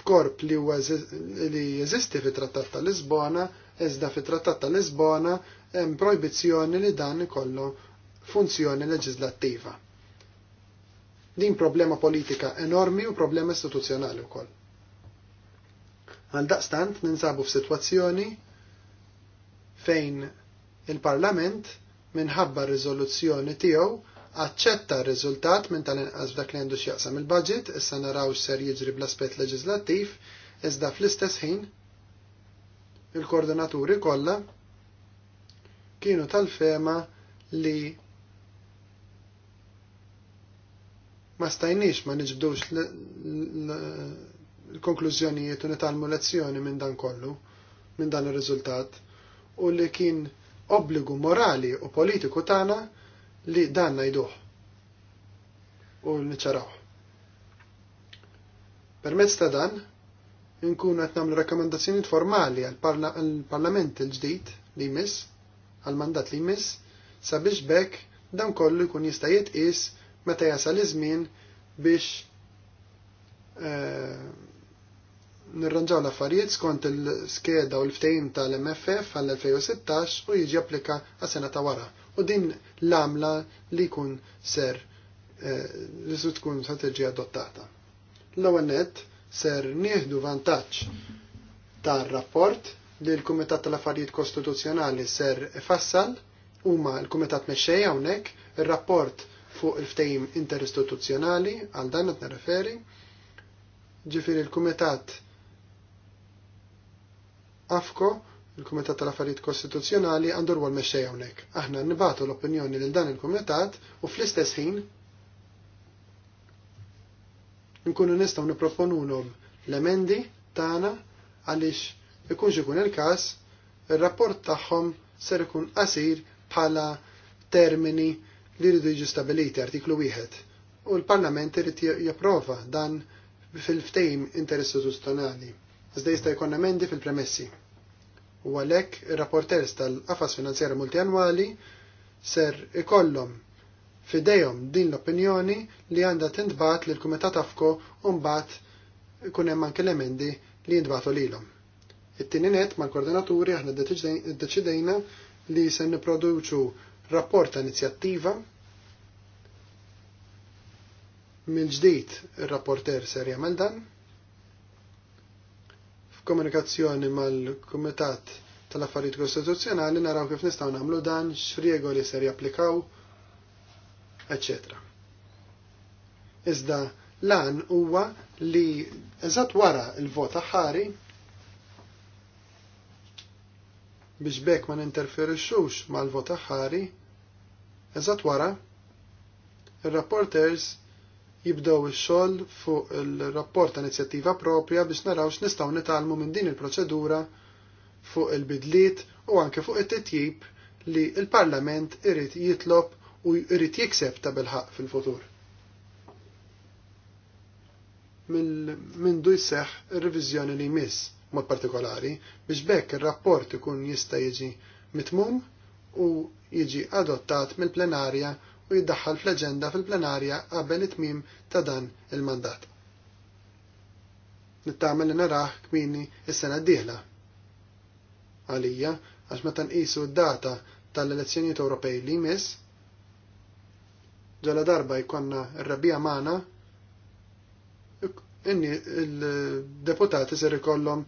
F'korp li li jeżisti fit-Trattat tal Lisbona, iżda fit-Trattat tal Lisbona hemm proibizzjoni li dan ikollu funzjoni leġislattiva. Din problema politika enormi u problema istituzzjonali wkoll. Għal daqstant ninsabu f'sitwazzjoni fejn il-Parlament minħabba r-riżoluzzjoni tiegħu aċċetta r-riżultat minn tal-inqas dak li għandu x'jaqsam il-budget, issa naraw x'ser jiġri bl-aspett leġislattiv, iżda fl-istess ħin il-koordinaturi kollha kienu tal-fema li ma stajniex ma niġbdux konklużjonijiet u nitalmu lezzjoni minn dan kollu, minn dan ir-riżultat, u li kien obbligu morali u politiku tagħna li dan ngħiduh u niċċaraw. Permezz ta' dan, nkun qed nagħmlu rakkomandazzjonijiet formali għall-Parlament il-ġdid li jmiss, għall-mandat li jmiss, sabiex bekk dan kollu jkun jista' jitqies meta jasal iż-żmien biex eh, nirranġaw l-affarijiet skont il-skeda u l-ftejim tal-MFF għall-2016 u jiġi applika għas-sena ta' wara. U din l-għamla li jkun ser eh, li su tkun strateġija adottata. L-ewwel nett ser nieħdu vantaġġ tar-rapport li l-Kumitat tal-Affarijiet Kostituzzjonali ser ifassal huma l-Kumitat mexxej hawnhekk, ir-rapport fuq il-ftejim interistituzzjonali għal dan qed nirreferi, ġifieri l-Kumitat Afko, il-Kumitat tal-Affarijiet Kostituzzjonali, għandu rwol mexxej hawnhekk. Aħna nibatu l-opinjoni lil dan il-Kumitat u fl-istess ħin nkunu nistgħu nipproponulhom l-emendi tagħna għaliex ikun ikun il-każ ir-rapport tagħhom ser ikun qasir bħala termini li jridu jiġu stabiliti artiklu wieħed. U l-Parlament irid japprova dan fil-ftejm interistituzzjonali iżda jista' jkun emendi fil-premessi. U għalhekk ir-rapporters tal-qafas Finanzjarja multianwali ser ikollhom fidejhom din l-opinjoni li għandha tintbat lil kumitat afko u mbagħad ikun hemm anke l-emendi li jintbagħtu lilhom. It-tieni net mal-koordinaturi aħna ddeċidejna li se nipproduċu rapport ta' inizjattiva mill ġdid ir-rapporter ser jagħmel dan Komunikazzjoni mal-Kumitat tal-Affarijiet Kostituzzjonali naraw kif nistgħu nagħmlu dan, x'regoli ser japplikaw, eċetera. Iżda lan huwa li eżatt wara l-vot ħari biex bekk ma ninterferixxux mal-vot ħari, eżatt wara ir-rapporters jibdew ix-xogħol fuq il-rapport ta' inizjattiva propja biex naraw x'nistgħu nitalmu minn din il-proċedura fuq il-bidliet u anke fuq it-titjib li il-Parlament irid jitlob u irid jikseb ta' bilħaq fil-futur. Mindu jseħ ir-reviżjoni li jmiss mod partikolari biex bekk ir-rapport ikun jista' jiġi mitmum u jiġi adottat mill-plenarja u jiddaħħal fl agenda fil-plenarja qabel it-tmim ta' dan il-mandat. Nittamel li naraħ kmini is-sena d-dieħla. Għalija, għax meta nqisu d-data tal-elezzjonijiet Ewropej li jmiss, ġala darba jkonna r-rabija Mana. inni il-deputati sirri kollom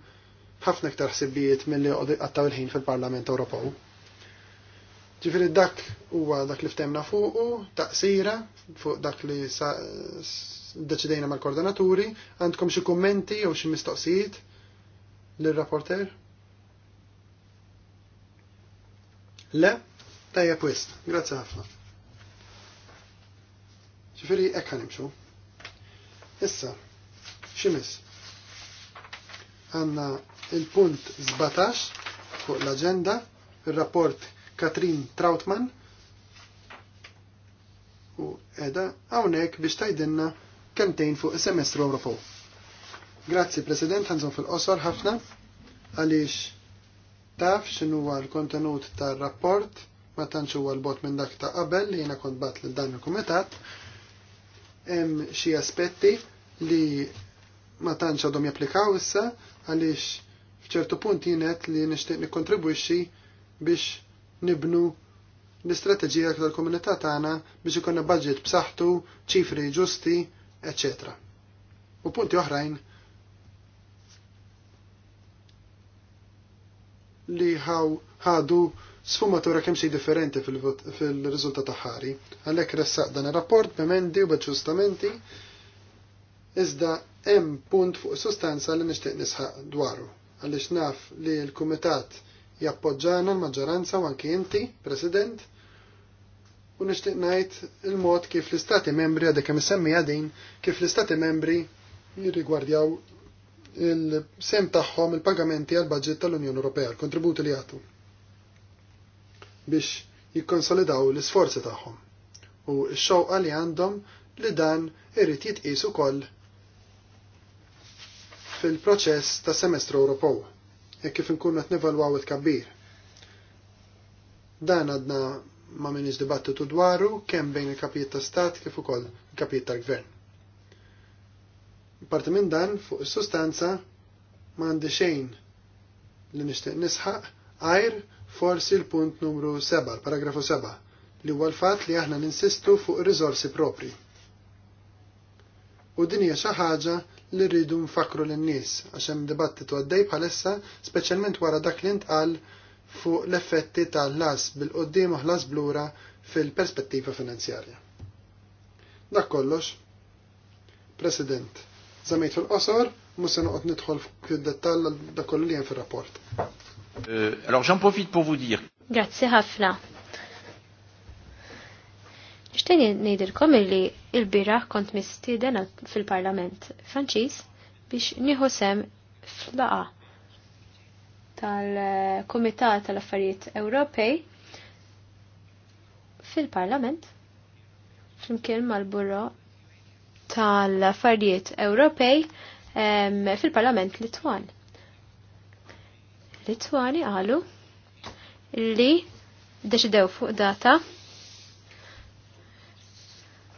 ħafna iktar ħsibijiet milli għattaw il-ħin fil-Parlament Ewropew. Ġifiri dak huwa dak li ftemna fuqu, taqsira fuq dak li deċidejna mal-koordinaturi, għandkom xi kummenti jew xi mistoqsijiet lir-rapporter? Le? Tajja pwist, grazzi ħafna. Ġifiri hekk ħanimxu. Issa, ximis. Għanna il-punt 17 fuq l-agenda, il-rapport Katrin Trautman u edha hawnhekk biex tajdinna kemtejn fuq is-semestru Ewropew. Grazzi President, għanżon fil-qosor ħafna għaliex taf x'inhu huwa l-kontenut tar-rapport ma tantx huwa l-bot minn dak ta' qabel li jiena kont bat lil dan il-kumitat. Hemm xi aspetti li ma tantx għadhom japplikaw issa għaliex f'ċertu punt jienet li nixtieq nikkontribwixxi biex nibnu l-istrateġija tal-komunità tagħna biex ikonna budget b'saħħtu, ċifri ġusti, etc. U punti oħrajn li ħaw ħadu sfumatura kemm xi differenti fil-riżultat taħari, Għalhekk ressaq dan ir-rapport b'emendi u b'aġġustamenti iżda hemm punt fuq sustanza li nixtieq nisħaq dwaru għaliex naf li l-kumitat jappoġġana l-maġġoranza u anki inti, President, u nixtieq ngħid il-mod kif l-Istati membri għadek kemm isemmija din kif l-Istati membri jirrigwardjaw il-sem tagħhom il-pagamenti għal budget tal-Unjoni Ewropea, l-kontributi li jagħtu biex jikkonsolidaw l-isforzi tagħhom u x-xewqa li għandhom li dan irrid jitqies ukoll fil-proċess ta' semestru Ewropew e kif nkunu qed nevalwaw il kabbir Dan għadna ma minix dibattitu dwaru kemm bejn il-kapijiet ta' stat kif ukoll il-kapijiet tal-gvern. Parti minn dan fuq is-sustanza m'għandi xejn li nixtieq nisħaq għajr forsi l-punt numru 7, paragrafu 7, li huwa l-fatt li aħna ninsistu fuq riżorsi propri. U din hija xi ħaġa li rridu nfakru l-nies għax hemm dibattitu għaddej bħalissa speċjalment wara dak li ntqal fuq l-effetti tal-las bil-qoddim u ħlas blura fil-perspettiva finanzjarja. Dak kollox, President, zamejt fil-qosor, se noqgħod nidħol fid-dettall dak kollu li hemm fir-rapport. Euh, alors j'en profite pour vous dire. Grazzi ħafna. Xtejn ngħidilkom illi il biraħ kont mistieden fil-Parlament Franċiż biex nieħu sem flaqa tal-Kumitat tal-Affarijiet Ewropej fil-Parlament flimkien mal-Burro tal-Affarijiet Ewropej fil-Parlament Litwan. Litwani qalu li deċidew fuq data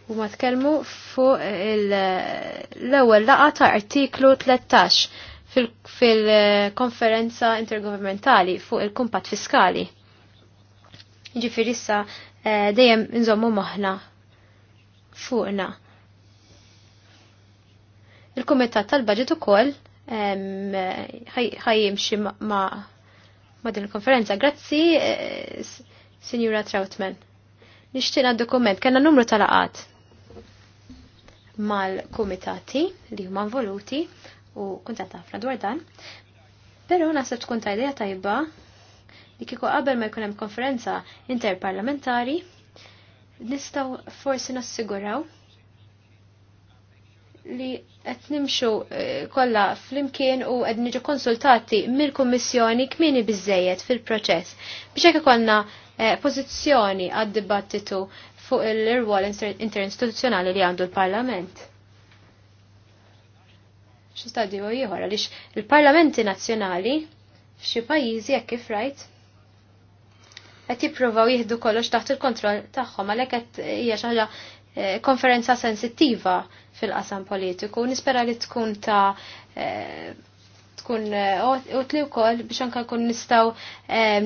u ma tkellmu fuq l-ewwel laqa ta' artiklu 13 fil-konferenza fil intergovernmentali fuq il-kumpat fiskali. Ġifiri issa eh, dejjem nżommu moħna fuqna. Il-Kumitat tal-Baġit ukoll ħajjimxi ma' din il-konferenza. Grazzi, eh, Signora Trautman nixtieq dokument kena numru tal-qat mal-komitati li huma involuti u kuntat ħafna dwar dan. Però naħseb tkun ta' idea tajba li kieku qabel ma jkun hemm konferenza interparlamentari nistgħu forsi nassiguraw li qed nimxu eh, kollha flimkien u qed niġu konsultati mill-Kummissjoni kmieni biżejjed fil-proċess biex hekk ikollna eh, pożizzjoni għad-dibattitu fuq il-rwol interinstituzzjonali li għandu l-Parlament. Xi stadju ieħor għaliex il-Parlamenti nazzjonali f'xi pajjiżi hekk kif rajt qed jippruvaw jieħdu kollox taħt il-kontroll tagħhom għalhekk qed hija xi ħaġa eh, konferenza sensittiva fil-qasam politiku. Nispera li tkun ta' eh, tkun eh, utli wkoll biex anke nkun nistgħu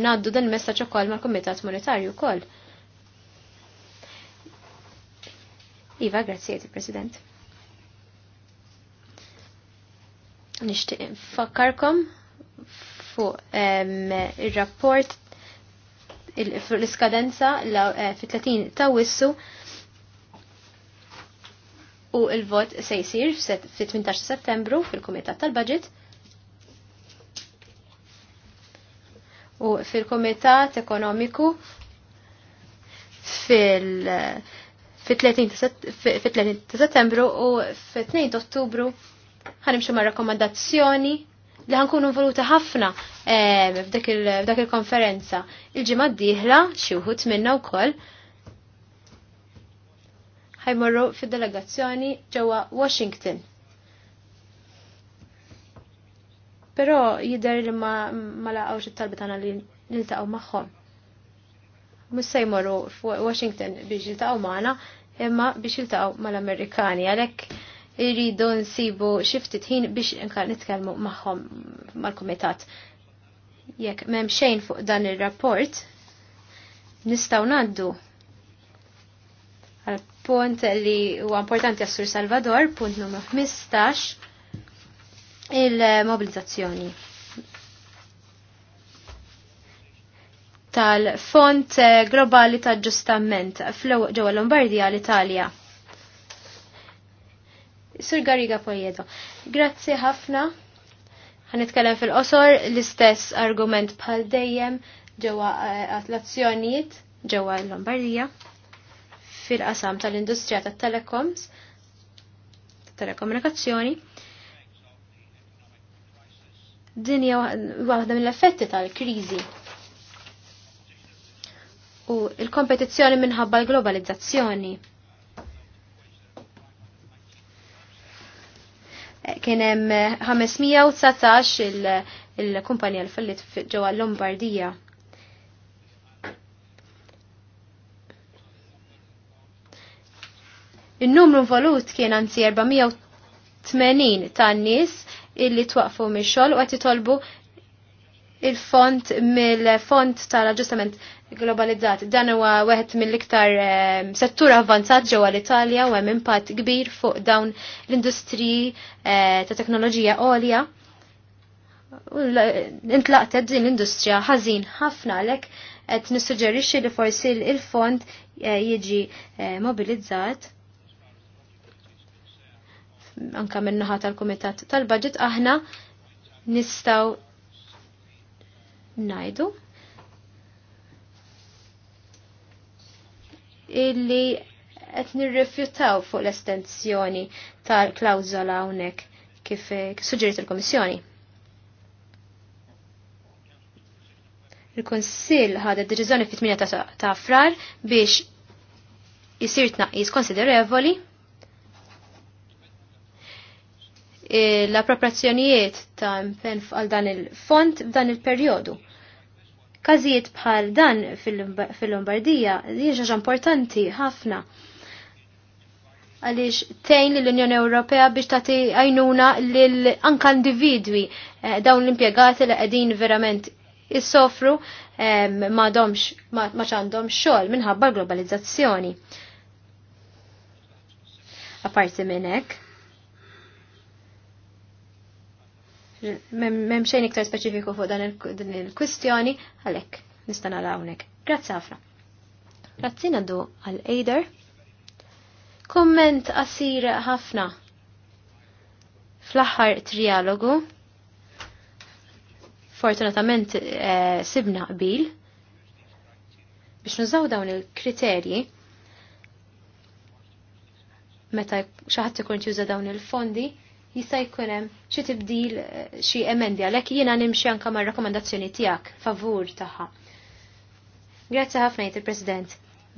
ngħaddu dan messaġġ ukoll mal-Kumitat Monetarju wkoll. Iva, grazzi President. Nishti infakkarkom fuq il-rapport l-iskadenza eh, fit-30 ta' wissu u il-vot se jisir fi 18 settembru fil-Kumitat tal-Budget u fil-Kumitat Ekonomiku fil- fit-30 ta' settembru u fit-2 ta' ottubru ħanimxu ma' rakkomandazzjoni li ħankunu involuta ħafna eh, f'dak il-konferenza. Il-ġimgħa d-dieħla xi wħud minna wkoll ħajmorru fid-delegazzjoni ġewwa Washington. Però jidher li ma laqgħux it-talbi tagħna li niltaqgħu magħhom mhux se Washington biex jiltaw maħna, imma biex jiltaqgħu mal-Amerikani għalhekk irridu nsibu xi ftit ħin biex nitkellmu magħhom mal-kumitat. Jekk m'hemm xejn fuq dan ir-rapport nistgħu ngħaddu għal punt li huwa importanti għassur Salvador, punt numru 15, il-mobilizzazzjoni. tal font eh, Globali ta' Ġustament ġewwa Lombardija l-Italja. Sur Gariga Pojedo. Grazzi ħafna. Ħanitkellem fil-qosor l-istess argument bħal dejjem ġewwa eh, atlazzjonijiet ġewwa Lombardija fil-qasam tal-industrija tat-telecoms telekomunikazzjoni. Dinja waħda mill-effetti tal-kriżi u il-kompetizzjoni minħabba l-globalizzazzjoni. Kien hemm 519 il-kumpanija l fallit ġewwa Lombardija. Il-numru involut kien anzi 480 tan nies illi twaqfu mix-xogħol u qed jitolbu il-font mill-font tal-aġġustament globalizzat. Dan huwa wieħed mill-iktar eh, settur avvanzat ġewwa l-Italja u hemm impatt kbir fuq dawn l-industriji eh, ta' teknoloġija għolja. Intlaqtet din l-industrija ħażin ħafna għalhekk qed nissuġġerixxi li forsi il-fond eh, jiġi mobilizzat anka naħa tal-Kumitat tal-Budget aħna nistaw najdu illi qed nirrifjutaw fuq l-estenzjoni tal-klawżola hawnhekk kif suġġeriet il kummissjoni il kunsill ħadet deċiżjoni fit-8 ta' frar biex jisir tnaqqis konsiderevoli l-appropriazzjonijiet ta' impen għal dan il-font f'dan il-perjodu. Każijiet bħal dan fil-Lombardija jiġa importanti ħafna għaliex tejn l-Unjoni Ewropea biex tagħti għajnuna lil anka individwi eh, dawn l-impjegati li qegħdin verament issofru eh, ma ma ċandhom xogħol minħabba l-globalizzazzjoni. Aparti minn hekk, Mem xejn iktar speċifiku fuq dan il-kwistjoni, għalek, nista' nara hawnhekk. Grazzi ħafna. Grazzi għaddu għal Eider. Komment qasir ħafna fl-aħħar trialogu fortunatament eh, sibna qbil biex nużaw dawn il-kriterji meta xaħat ikun juża dawn il-fondi jista' jkun hemm xi tibdil eh, xi emendi għalhekk jiena nimxi anke mar-rakkomandazzjoni tiegħek favur tagħha. Grazzi ħafna jgħid il-President.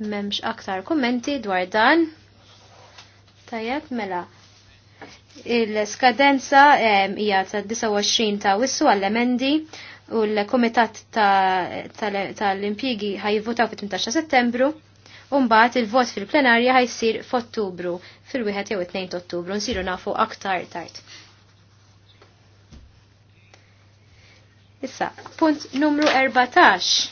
M'hemmx aktar kummenti dwar dan. Tajjeb mela. Il-skadenza hija ta' 29 ta' wissu għall-emendi u l-Komitat tal-Impjigi ħajvutaw fit-18 settembru. Umbat il-vot fil-plenarja ħajsir f'Ottubru, fil-1 jew 2 Ottubru, nsiru nafu aktar tard. Issa, punt numru 14.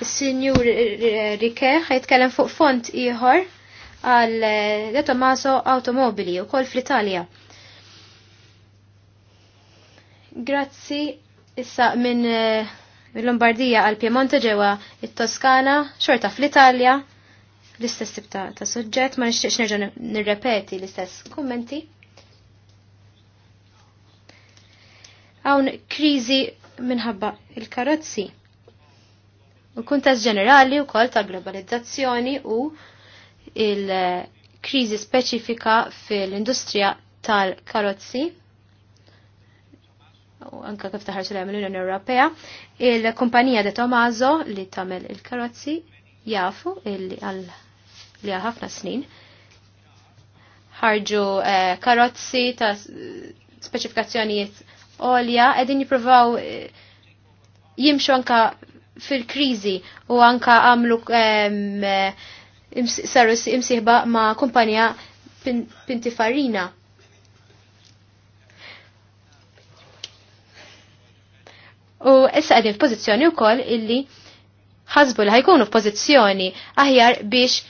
Is-Sinjur Rike ħajtkellem fuq font ieħor għal De Tommaso Automobili u kol fl-Italja. Grazzi issa minn eh, mill-Lombardija għal Piemonte ġewwa it-Toskana, xorta fl-Italja, l-istess tibta ta', suġġett, ma nixtieqx nerġa' nirrepeti l-istess kummenti. Hawn kriżi minħabba il-karozzi. U kuntest ġenerali wkoll ta' globalizzazzjoni u il-kriżi speċifika fil-industrija tal-karozzi anka kif taħarġ l l-Unjoni Ewropea, il-kumpanija de Tomazo li tagħmel il-karozzi jafu li għal ħafna snin ħarġu eh, karozzi ta' speċifikazzjonijiet olja qegħdin jippruvaw eh, jimxu anka fil-kriżi u anka għamlu eh, saru imsiħba ma' kumpanija Pintifarina. U issa għedin f'pożizzjoni wkoll illi ħasbu li ħajkunu f'pożizzjoni aħjar biex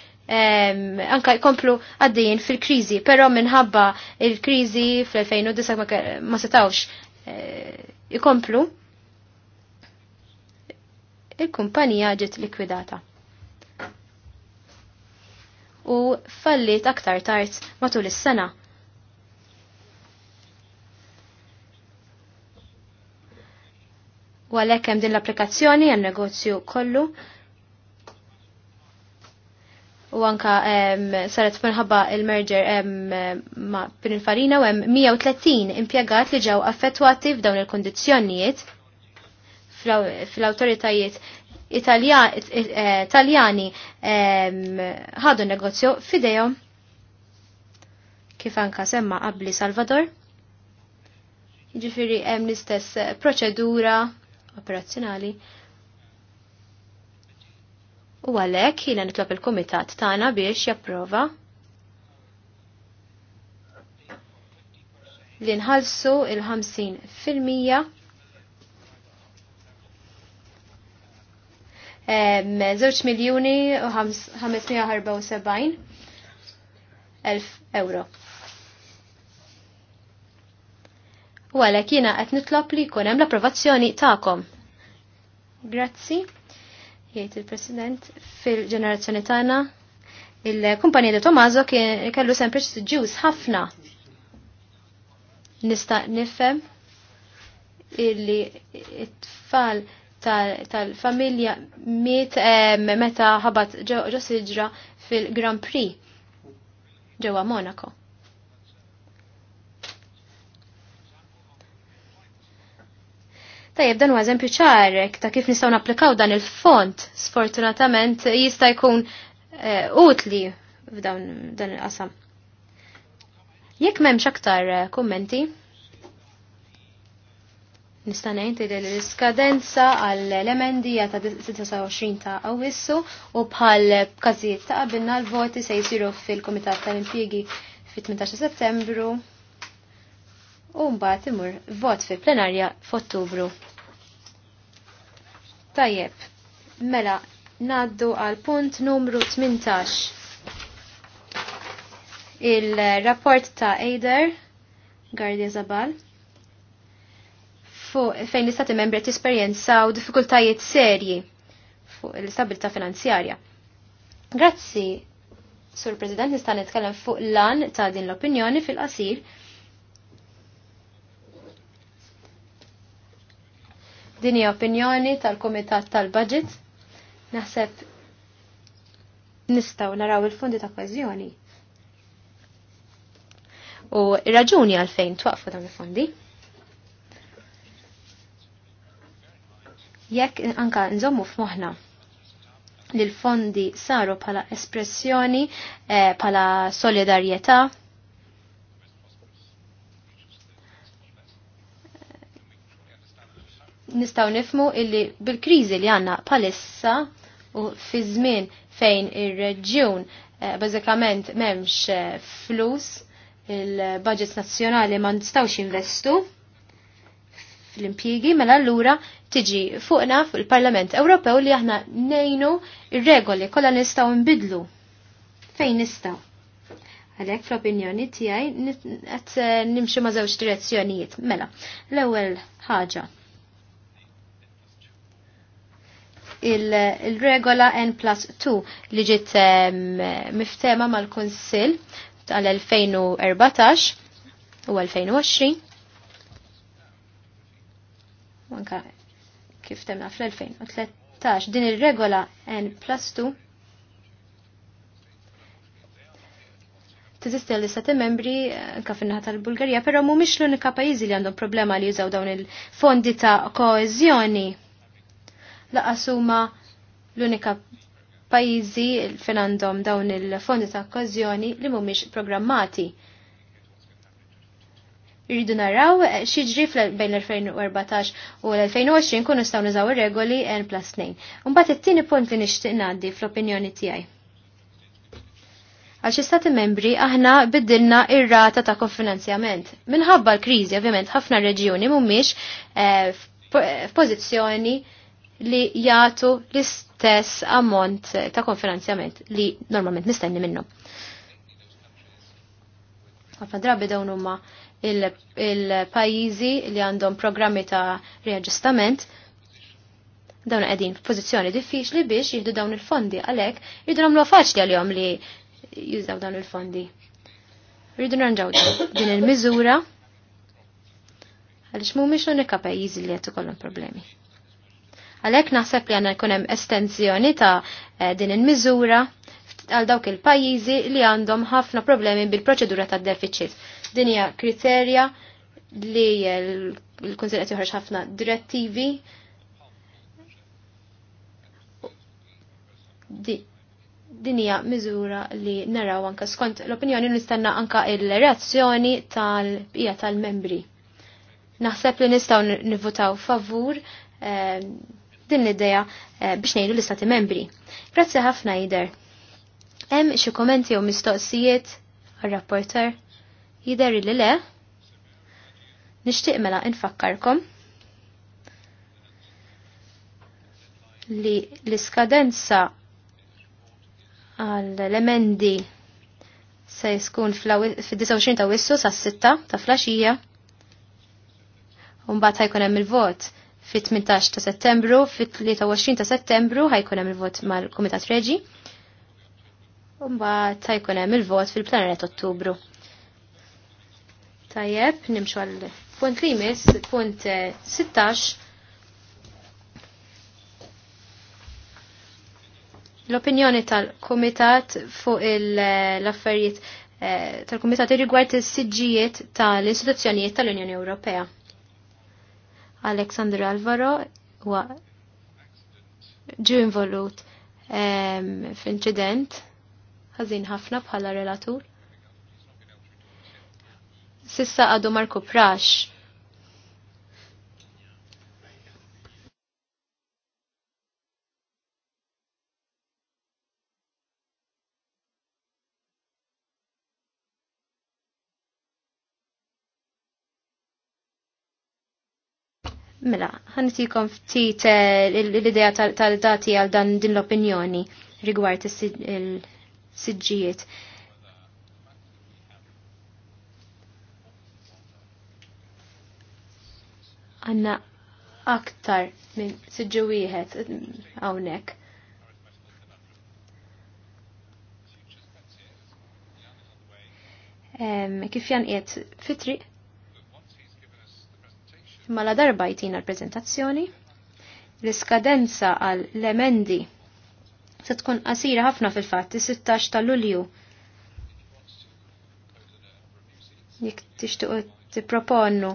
anka jkomplu għaddin fil-kriżi, però minħabba il-kriżi fl-2009 ma, ma setawx eh, jkomplu il-kumpanija ġiet likwidata. U fallit aktar tard matul is-sena. U għalhekk hemm din l-applikazzjoni għan negozju kollu. U anka saret minħabba il-merger ma' Pininfarina u hemm 130 impjegat li ġew affettwati f'dawn il-kondizzjonijiet fl-awtoritajiet Italjani eh, ħadu negozju fidejhom kif anka semma qabli Salvador. Ġifiri hemm l-istess proċedura operazzjonali. U għalhekk jiena nitlob il-kumitat tagħna biex japprova li nħallsu il-50 fil-mija Zewċ miljoni u 574 elf euro. u għalek jiena qed nitlob li jkun hemm l-approvazzjoni tagħkom. Grazzi, jgħid il-President, fil-ġenerazzjoni tagħna il-kumpanija di Tomazo kellu sempre ġus ħafna. Nista' nifhem illi it-tfal tal-familja miet eh, meta ħabat ġo siġra fil-Grand Prix ġewwa Monaco. Tajjeb dan u eżempju ċarek ta' kif nistgħu napplikaw dan il-font sfortunatament jista' jkun eh, utli f'dawn dan il-qasam. Jekk m'hemmx aktar eh, kummenti, nista' ngħid li l-iskadenza għall emendija ta' 26 ta' Awwissu u bħal każijiet ta' qabilna l-voti se jsiru fil-Kumitat tal-Impjiegi fit-18 Settembru u mbagħad imur vot fi plenarja f'Ottubru. Tajjeb, mela naddu għal punt numru 18. Il-rapport ta' Eider Gardia Zabal fejn l-istati membri t-esperienzaw diffikultajiet serji fuq l-istabilta finanzjarja. Grazzi, Sur President, nista' nitkellem fuq lan ta' din l-opinjoni fil-qasir Dini opinjoni tal-Komitat tal-Budget. Naħseb nistaw naraw il-fondi ta' kważjoni. U raġuni għalfejn twaqfu dawn il-fondi. Jekk anka nżommu f'moħħna li l-fondi saru pala espressjoni, pala eh, solidarjetà, nistaw nifmu illi bil-krizi li għanna palissa u fi żmien fejn ir-reġjun eh, bażikament m'hemmx eh, flus il-budgets nazzjonali ma nistawx investu fl impjiegi mela allura tiġi fuqna fil-Parlament Ewropew li aħna nejnu ir-regoli kollha nistgħu nbidlu. Fejn nistgħu? Għalhekk fl-opinjoni tiegħi qed eh, nimxi ma' żewġ direzzjonijiet. Mela, l-ewwel ħaġa il-regola N plus 2 li ġiet miftema mal-Konsil tal-2014 u 2020. Anka kif temna fl-2013 din il-regola N plus 2 tiżisti għal istati membri eh, anka tal-Bulgarija, però mhumiex l-unika pajjiżi li għandhom problema li jużaw dawn il-fondi ta' koeżjoni laqas huma l-unika pajjiżi fejn għandhom dawn il-fondi ta' okkazjoni li mhumiex programmati. Irridu naraw xieġri bejn l-2014 u l-2020 kunu staw nizaw regoli N plus 2. Umbat it-tieni punt li nixtieq ngħaddi fl-opinjoni tiegħi. Għal stati membri aħna biddilna ir-rata ta' kofinanzjament. Minħabba l-kriżi ovvjament ħafna reġjuni mhumiex eh, f'pożizzjoni eh, li jagħtu l-istess ammont ta' konfinanzjament li normalment nistenni minnu. Għafna drabi dawn huma il-pajjiżi il li għandhom programmi ta' reaġistament dawn qegħdin f'pożizzjoni diffiċli biex jieħdu dawn il-fondi għalhekk jridu nagħmlu faċli għalihom li jużaw dawn il-fondi. Rridu nranġaw din il-miżura għaliex mhumiex l-unika pajizi li qed ikollhom problemi. Għalhekk naħseb li għandna jkun hemm estensjoni ta' eh, din il-miżura għal dawk il-pajjiżi li għandhom ħafna problemi bil-proċedura tad deficit. Din hija kriterja li l-Kunsil qed joħroġ ħafna direttivi din hija miżura li naraw anka skont l-opinjoni nistenna anka il-reazzjoni tal bija tal-membri. Naħseb li nistgħu nivvutaw favur eh, din l-idea eh, biex ngħidu l-istati membri. Grazzi ħafna jider. Hemm xi kommenti jew mistoqsijiet għar-rapporter? Jider li le? Nixtieq mela infakkarkom li l-iskadenza għall-emendi se jiskun fil-29 ta' wissu sa' 6 ta' flaxija. Umbat ħajkun hemm il-vot fit-18 ta' settembru, fit-23 ta' settembru ħajkun hemm il-vot mal-Kumitat Reġi. Mbagħad ħajkun hemm il-vot fil-planet Ottubru. Tajjeb, nimxu għal punt li jmiss, punt 16. Eh, L-opinjoni tal-Kumitat fuq eh, l-affarijiet eh, tal-Kumitat rigward is-siġġijiet tal-istituzzjonijiet tal-Unjoni Ewropea. Alexander Alvaro huwa ġu involut ehm, f'inċident ħażin ħafna bħala relatur. Sissa għadu Marko Prax Mela, ħanitikom ftit eh, l-idea tal-dati għal dan din l-opinjoni rigward il-sidġijiet. Għanna aktar minn sidġu wieħed hawnhekk. Kif janqiet fitri? Mala darba jtina l-prezentazzjoni. L-iskadenza għal l-emendi se tkun qasira ħafna fil-fatt, 16 ta' Lulju. Jek tixtuq tipproponnu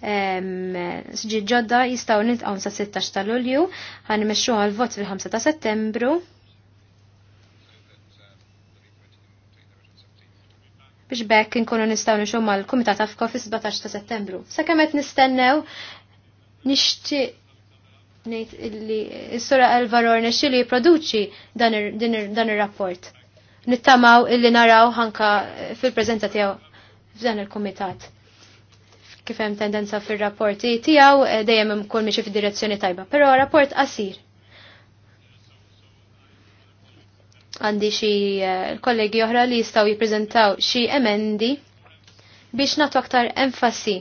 sġi ġodda jistaw niltqaw sa' 16 ta' Lulju, ħan meċxu għal-vot fil-5 ta' Settembru. biex bekk inkunu nistgħu nixhom mal-Kumitat Afko fis-17 ta' Settembru. Sakemm qed nistennew nixtieq ngħid li s-sura Alvaror li jipproduċi dan ir-rapport. Nittamaw illi naraw ħanka fil-preżenza tiegħu f'dan il-kumitat. Kif hemm tendenza fir-rapporti tiegħu eh, dejjem imkun miexi fid-direzzjoni tajba, però rapport qasir għandi xi eh, kollegi oħra li jistgħu jippreżentaw xi emendi biex nagħtu aktar enfasi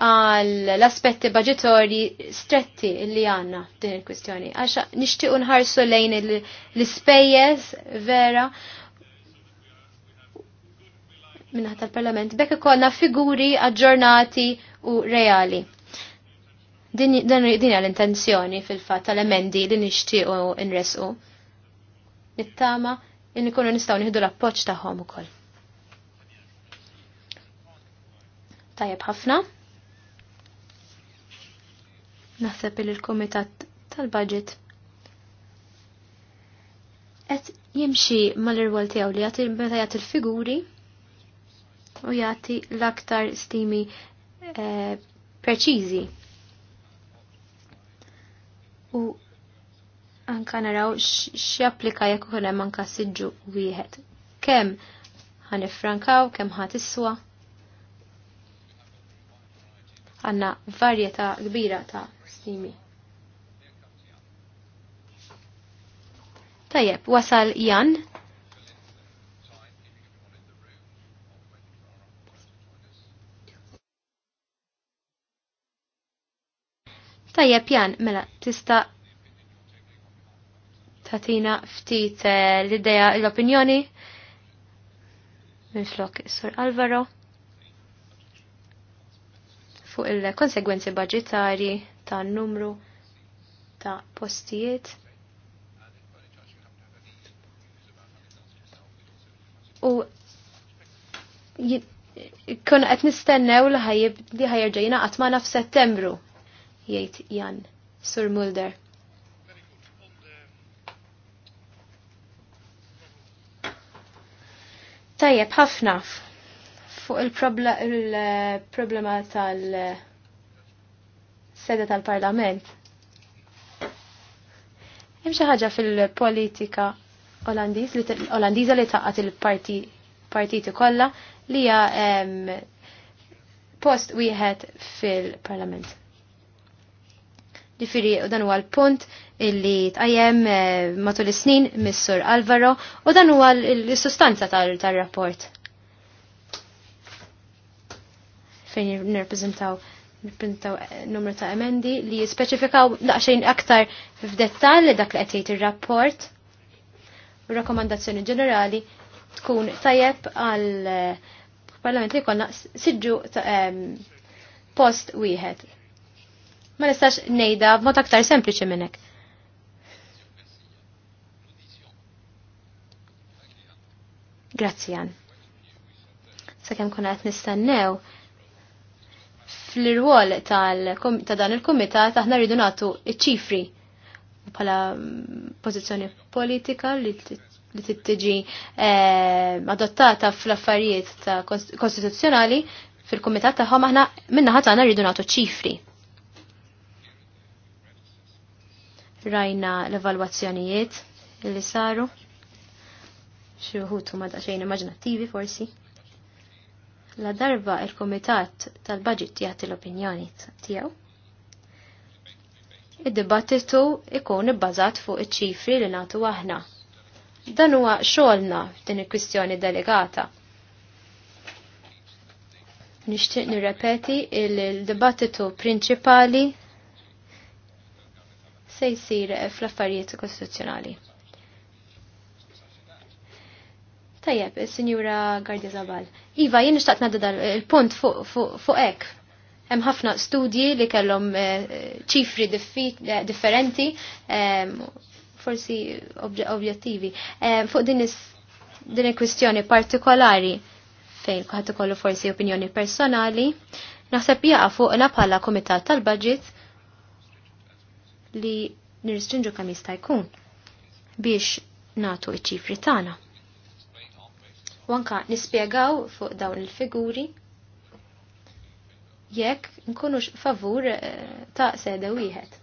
għal l-aspetti baġitorji stretti li għanna din il-kwistjoni. Għax nishtiqu nħarsu lejn l-spejjeż vera minna tal-parlament. Bekk ikollna figuri aġġornati u reali. Din għal-intenzjoni fil-fat tal-emendi li nishtiqu nresqu nittama in ikunu nistgħu nieħdu l-appoġġ tagħhom ukoll. Tajjeb ħafna. Naħseb il kumitat tal-Budget qed jimxi mal-irwol tiegħu li jagħti meta jagħti l-figuri u jagħti l-aktar stimi eh, preċiżi. U anka naraw x'japplika jekk ikun hemm anka siġġu wieħed. Kemm ħanifrankaw, kemm ħadd iswa. Għandna varjetà kbira ta' stimi. Tajjeb, wasal Jan. Tajjeb Jan, mela, tista' tatina ftit eh, l-ideja l-opinjoni minn flok Sur Alvaro fuq il-konsegwenzi budgetari ta' numru ta' postijiet. U kun qed nistennew li ħajib li ħajrġejna qatt ma' naf Settembru jgħid Jan Sur Mulder. Tajjeb, ħafna fuq il-problema tal-sede tal-parlament. Hemm xi ħaġa fil-politika Olandiża li taqgħet il-partiti kollha li hija ehm, post wieħed fil-parlament. Ġifiri, u dan huwa l-punt illi tqajjem eh, matul is-snin mis-Sur Alvaro u dan huwa l-sustanza tar-rapport. Fejn nirrepreżentaw niprintaw eh, numru ta' emendi li jispeċifikaw daqsxejn aktar f'dettall dak li qed jgħid ir-rapport. Rakkomandazzjoni ġenerali tkun tajjeb għal eh, parlament li konna siġġu post wieħed ma nistax nejda b'mod aktar sempliċi minnek. Grazzi għan. Sakemm kuna qed nistennew fl-irwol ta' dan il-kumitat aħna rridu nagħtu iċ-ċifri bħala mm, pożizzjoni politika li t-tġi eh, adottata fl-affarijiet ta' kostituzzjonali fil-kumitat tagħhom aħna minna ħadd għana rridu nagħtu ċifri. rajna l-evalwazzjonijiet li saru xi wħud huma immaġinattivi forsi. La darba il-Komitat tal-Budget jagħti l-opinjoni tiegħu. Id-dibattitu ikun ibbażat fuq iċ-ċifri li nagħtu aħna. Dan huwa xogħolna din il-kwistjoni delegata. Nixtieq nirrepeti il-dibattitu prinċipali se jsir fl-affarijiet kostituzzjonali. Tajjeb, signora sinjura Gardi Zabal. Iva, jien nishtaqt nadda dal il-punt fuq ek. Hemm ħafna studji li kellhom eh, ċifri eh, differenti, ehm, forsi objettivi. Ehm, fuq din il-kwistjoni partikolari fejn kuħat ikollu forsi opinjoni personali, naħseb jaqa fuqna bħala komitat tal-budget li nirstringu kemm jista' jkun biex nagħtu iċ-ċifri tagħna. U nispjegaw fuq dawn il-figuri jekk nkunux favur eh, ta' seda wieħed.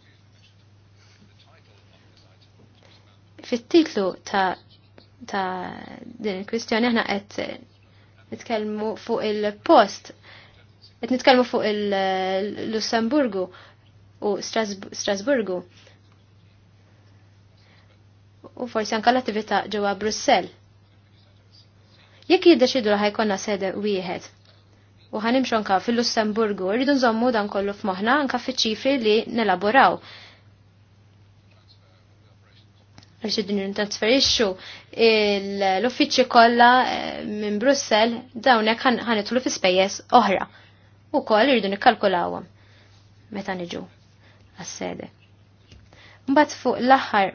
Fit-titlu ta' ta' din il-kwistjoni aħna qed eh, nitkellmu fuq il-post, qed nitkellmu fuq il-Lussemburgu u Strasburgu. U forsi anka l-attività ġewwa Brussell. Jekk jiddeċidu li ħajkonna sede wieħed u ħanimxu anka fil-Lussemburgu, rridu nżommu dan kollu f'moħħna anka fiċ-ċifri li nelaboraw. Għax id l uffiċċju kollha eh, minn Brussell dawn hekk ħanitlu fi spejjeż oħra. Ukoll irridu nikkalkulawhom meta niġu għas-sede. Mbatt fuq l-aħħar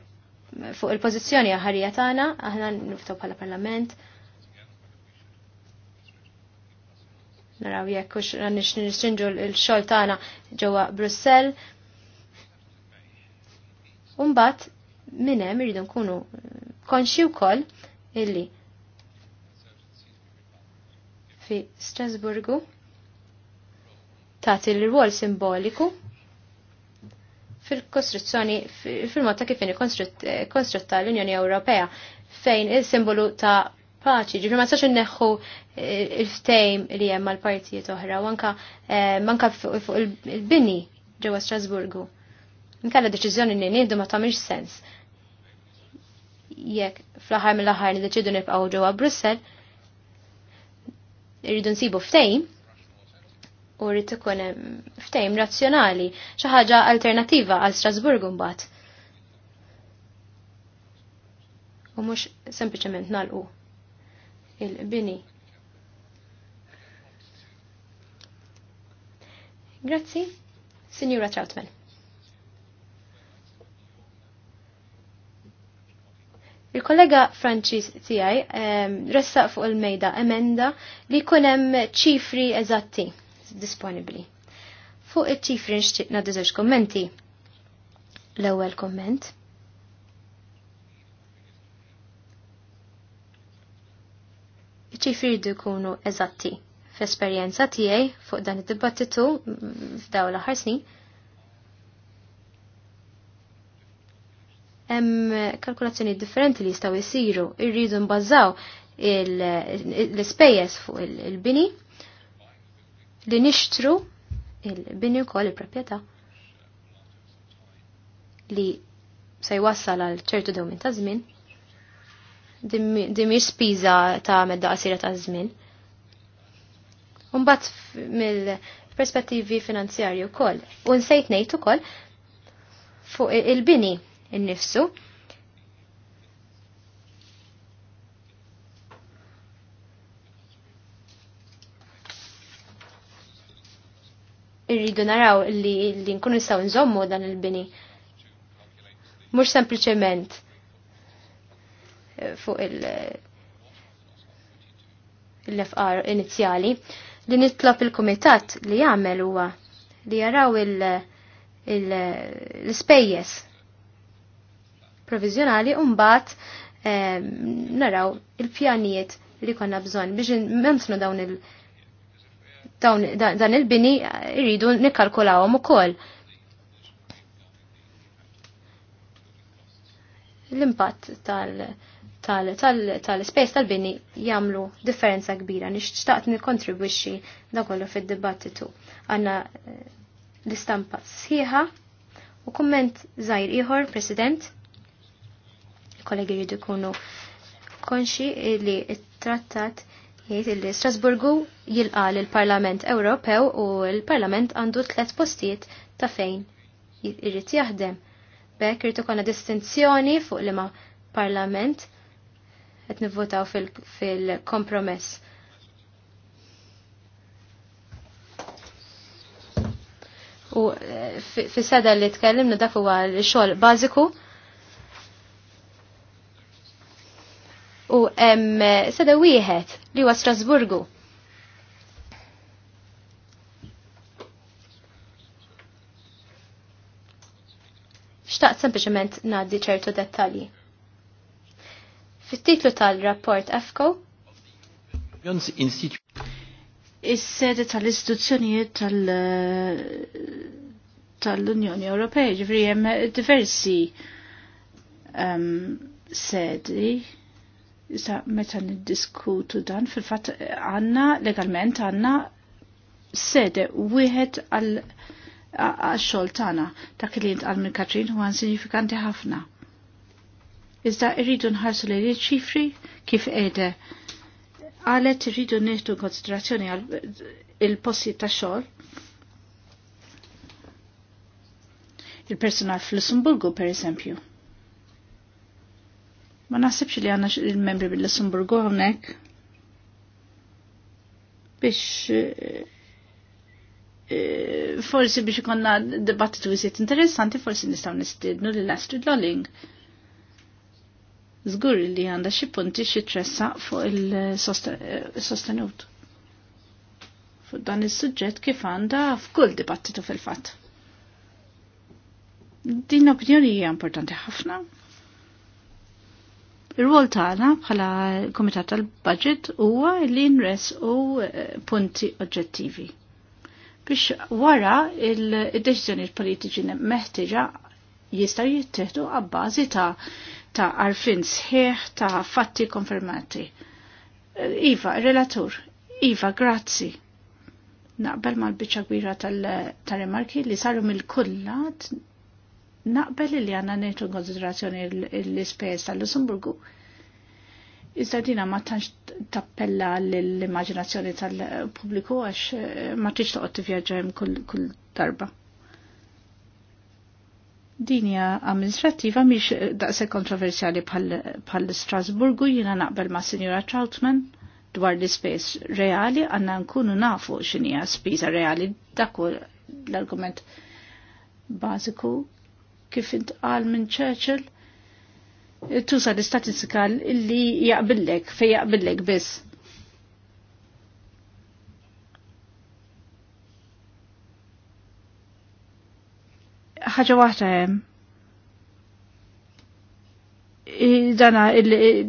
fuq il-pożizzjoni aħarija tagħna aħna niftaw bħala Parlament. Naraw jekk hux nirstrinġu l-xogħol tagħna ġewwa Brussell. Mbagħad minn hemm iridu nkunu konxi wkoll illi fi Strasburgu tagħti l-rwol simboliku fil-kostruzzjoni, fil-mod ta' kif konstrutta eh, l-Unjoni Ewropea fejn il-simbolu ta' paċi, ġifri ma sax inneħħu eh, il-ftejm li hemm mal partijiet oħra, u anka eh, manka fuq il-bini ġewwa Strasburgu. Nkalla deċiżjoni li nieħdu ma tagħmilx sens. Jekk fl-aħħar mill-aħħar deċidu nibqgħu ġewwa Brussell, irridu nsibu ftejm, u rrid ikun hemm ftehim razzjonali, xi ħaġa alternattiva għal Strasburgu mbagħad. U mhux sempliċement nalqu il-bini. Grazzi, Signora Troutman. Il-kollega Francis tiegħi ehm, ressaq fuq il-mejda emenda li jkun hemm ċifri eżatti disponibbli. Fuq iċ-ċifri nixtieq nagħti żewġ kommenti. L-ewwel komment. Iċ-ċifri jridu jkunu eżatti. F'esperjenza tiegħi fuq dan id-dibattitu f'daw l-aħħar snin, hemm kalkulazzjoni differenti li jistgħu jsiru, irridu nbażaw l-ispejjeż fuq il-bini li nixtru il-bini wkoll il-proprjetà li se jwassal għal ċertu dewmin ta' żmien dimmi spiża ta' medda qasira ta' żmien. Umbat mill-perspettivi finanzjarji wkoll. U nsejt ngħid ukoll fuq il-bini innifsu. Il irridu naraw li, li nkunu nistgħu nżommu dan il-bini. Mhux sempliċement fuq il-FR inizjali li nitlob il-kumitat li jagħmel huwa li jaraw l-ispejjeż provizjonali u mbagħad naraw il-pjanijiet li konna bżonn biex nemsnu dawn il- dan il-bini irridu nikkalkulawhom ukoll. L-impatt tal spess tal-bini jagħmlu differenza kbira nixtaqt nikkontribwixxi da kollu fid-dibattitu. Għanna eh, l-istampa sħiħa u kumment żgħir ieħor, President, kollegi jridu jkunu konxi li t-trattat Jgħid li Strasburgu jilqal il-Parlament Ewropew u l-Parlament għandu tliet postijiet ta' fejn irrid jaħdem. Bekk irid ukoll distinzjoni fuq liema Parlament qed nivvotaw fil-kompromess. Fil U fis-seda li tkellimna dak huwa l-xogħol bażiku u hemm sada wieħed li huwa Strasburgu. Xtaqt sempliċement ngħaddi ċertu dettalji. Fit-titlu tal-rapport EFCO Is-sede tal-istituzzjonijiet tal-Unjoni Ewropea, ġifri hemm diversi ehm, sedi Issa meta niddiskutu dan fil-fatt għanna legalment għanna sede wieħed għal għax-xogħol tagħna dak li jintqal minn Katrin huwa sinifikanti ħafna. Iżda irridu nħarsu li ċifri kif qiegħda għalet irridu nieħdu konsiderazzjoni għal il-posti ta' xogħol. Il-personal fl-Lussemburgu, per eżempju. Ma nasibx li għanna il-membri bil-Lussemburgu għonek biex eh, eh, forsi biex konna dibattitu jisiet interessanti forsi nistaw nistidnu li l-Astrid Lolling. Zgur li għanda xi punti xi tressa fuq il-sostenut. Eh, fuq dan is-suġġett kif għanda f'kull dibattitu fil-fatt. Din opinjoni hija importanti ħafna Ir-rwol tagħna bħala Kumitat tal-Budget huwa li nres u eh, punti oġġettivi. Biex wara il-deċiżjonijiet politiċi meħtieġa jistgħu jittieħdu għabbażi ta' ta' arfin sħiħ ta' fatti konfermati. Eh, iva, relatur, Iva, grazzi. Naqbel mal-biċċa gwira tal-remarki li saru mill-kullat naqbel li għanna nejtu konsiderazzjoni l-ispejs tal-Lussemburgu. Iżda dina ma tantx tappella l-immaġinazzjoni tal-pubbliku għax eh, ma tix toqgħod tivvjaġġa kull darba. Dinja amministrativa miex daqse kontroversjali pal Strasburgu jina naqbel ma' Sinjora Troutman dwar l-ispejs reali għanna nkunu nafu xinija spiża reali dakku l-argument bażiku kif intqal minn Churchill, tuża l-istatistika li jaqbillek fej jaqbillek biss. ħaġa waħda hemm. Dana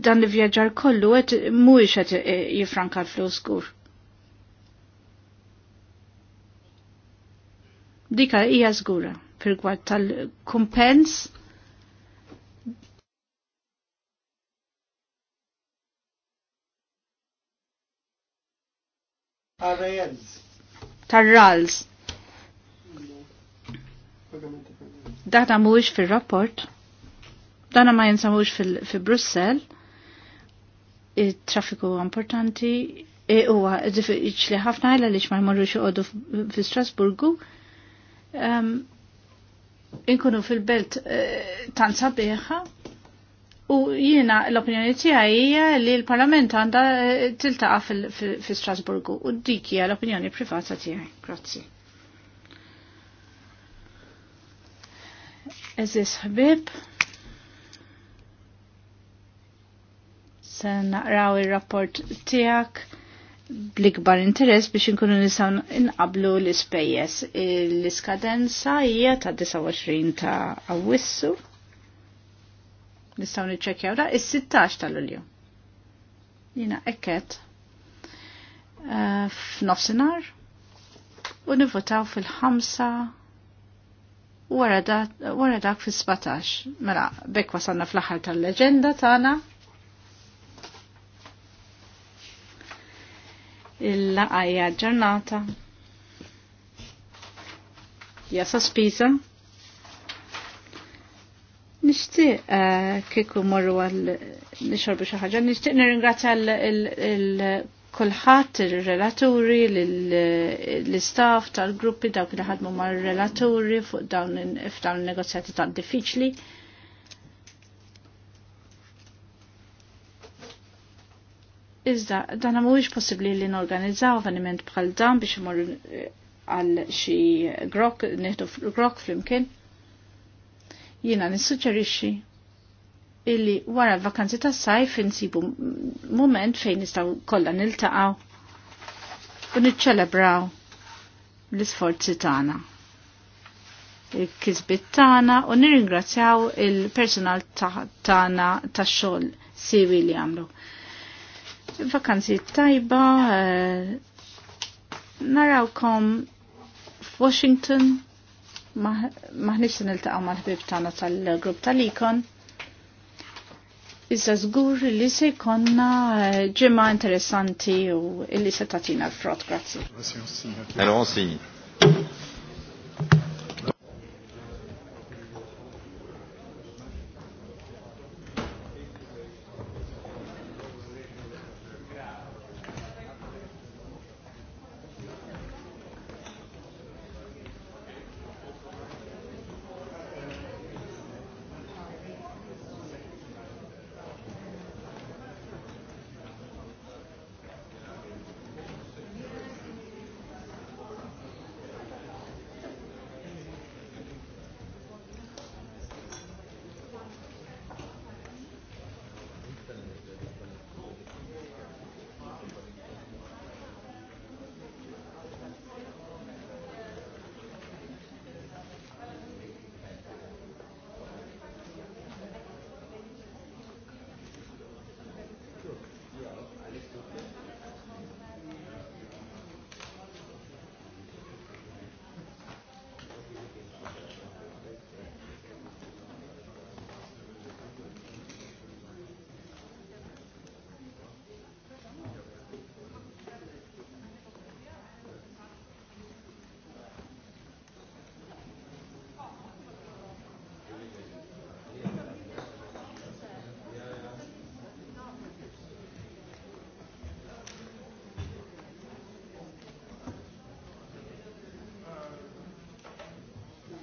dan li vjaġġar kollu qed mhuwiex qed jifranka l-flus kur. Dika hija żgura pirgwad tal-kumpens Tarrals. Data mhuwiex fil rapport Dana ma jinsamux fil-Brussel. Il-traffiku importanti. E Uwa, ġli ħafna għajla li xmar marru xoqodu fil Strasburgu inkunu fil-belt eh, tanza sabiħa u jiena l-opinjoni tiegħi hija li l-Parlament għandha eh, tiltaqa' fil Strasburgu u dik hija l-opinjoni privata tiegħi. Grazzi. Eżis ħbib. Se naqraw ir-rapport tiegħek bl-ikbar interess biex inkunu nisaw inqablu l-ispejjeż. L-iskadenza hija ta' 29 ta' Awwissu. Nistgħu niċċekjaw da' is-16 ta' Lulju. Jiena ekket f'nofsinar eh, f'nofsinhar u nivvotaw fil-ħamsa wara dak fil 17 Mela, bekk wasalna fl-aħħar tal-leġenda tagħna. il-laqajja ġurnata. Ja sospiża. Nixtieq kiku eh, kieku morru għal nixorbu xaħġa. ħaġa, nixtieq nirringrazzja l-kulħadd ir-relaturi, l-istaff tal-gruppi dawk li ħadmu mar-relaturi fuq dawn f'dawn il-negozjati tal diffiċli. Iżda, dan mhuwiex possibbli li norganizzaw avveniment bħal dan biex imorru eh, għal xi grok, nieħdu grok flimkien. Jiena nissuġġerixxi illi wara l-vakanzi tas sajf insibu moment fejn nistgħu kollha niltaqgħu u niċċelebraw l-isforzi tagħna. Il-kisbit tagħna u nirringrazzjaw il-personal tagħna tax-xogħol siwi li għamlu. Vakanzi tajba, eh, narawkom Washington, maħnix se niltaqgħu taqaw maħbib tana tal-grupp tal-ikon. Iżda zgur li se jkollna eh, ġimgħa interessanti u li se tagħtina l-frott, grazzi. Alors,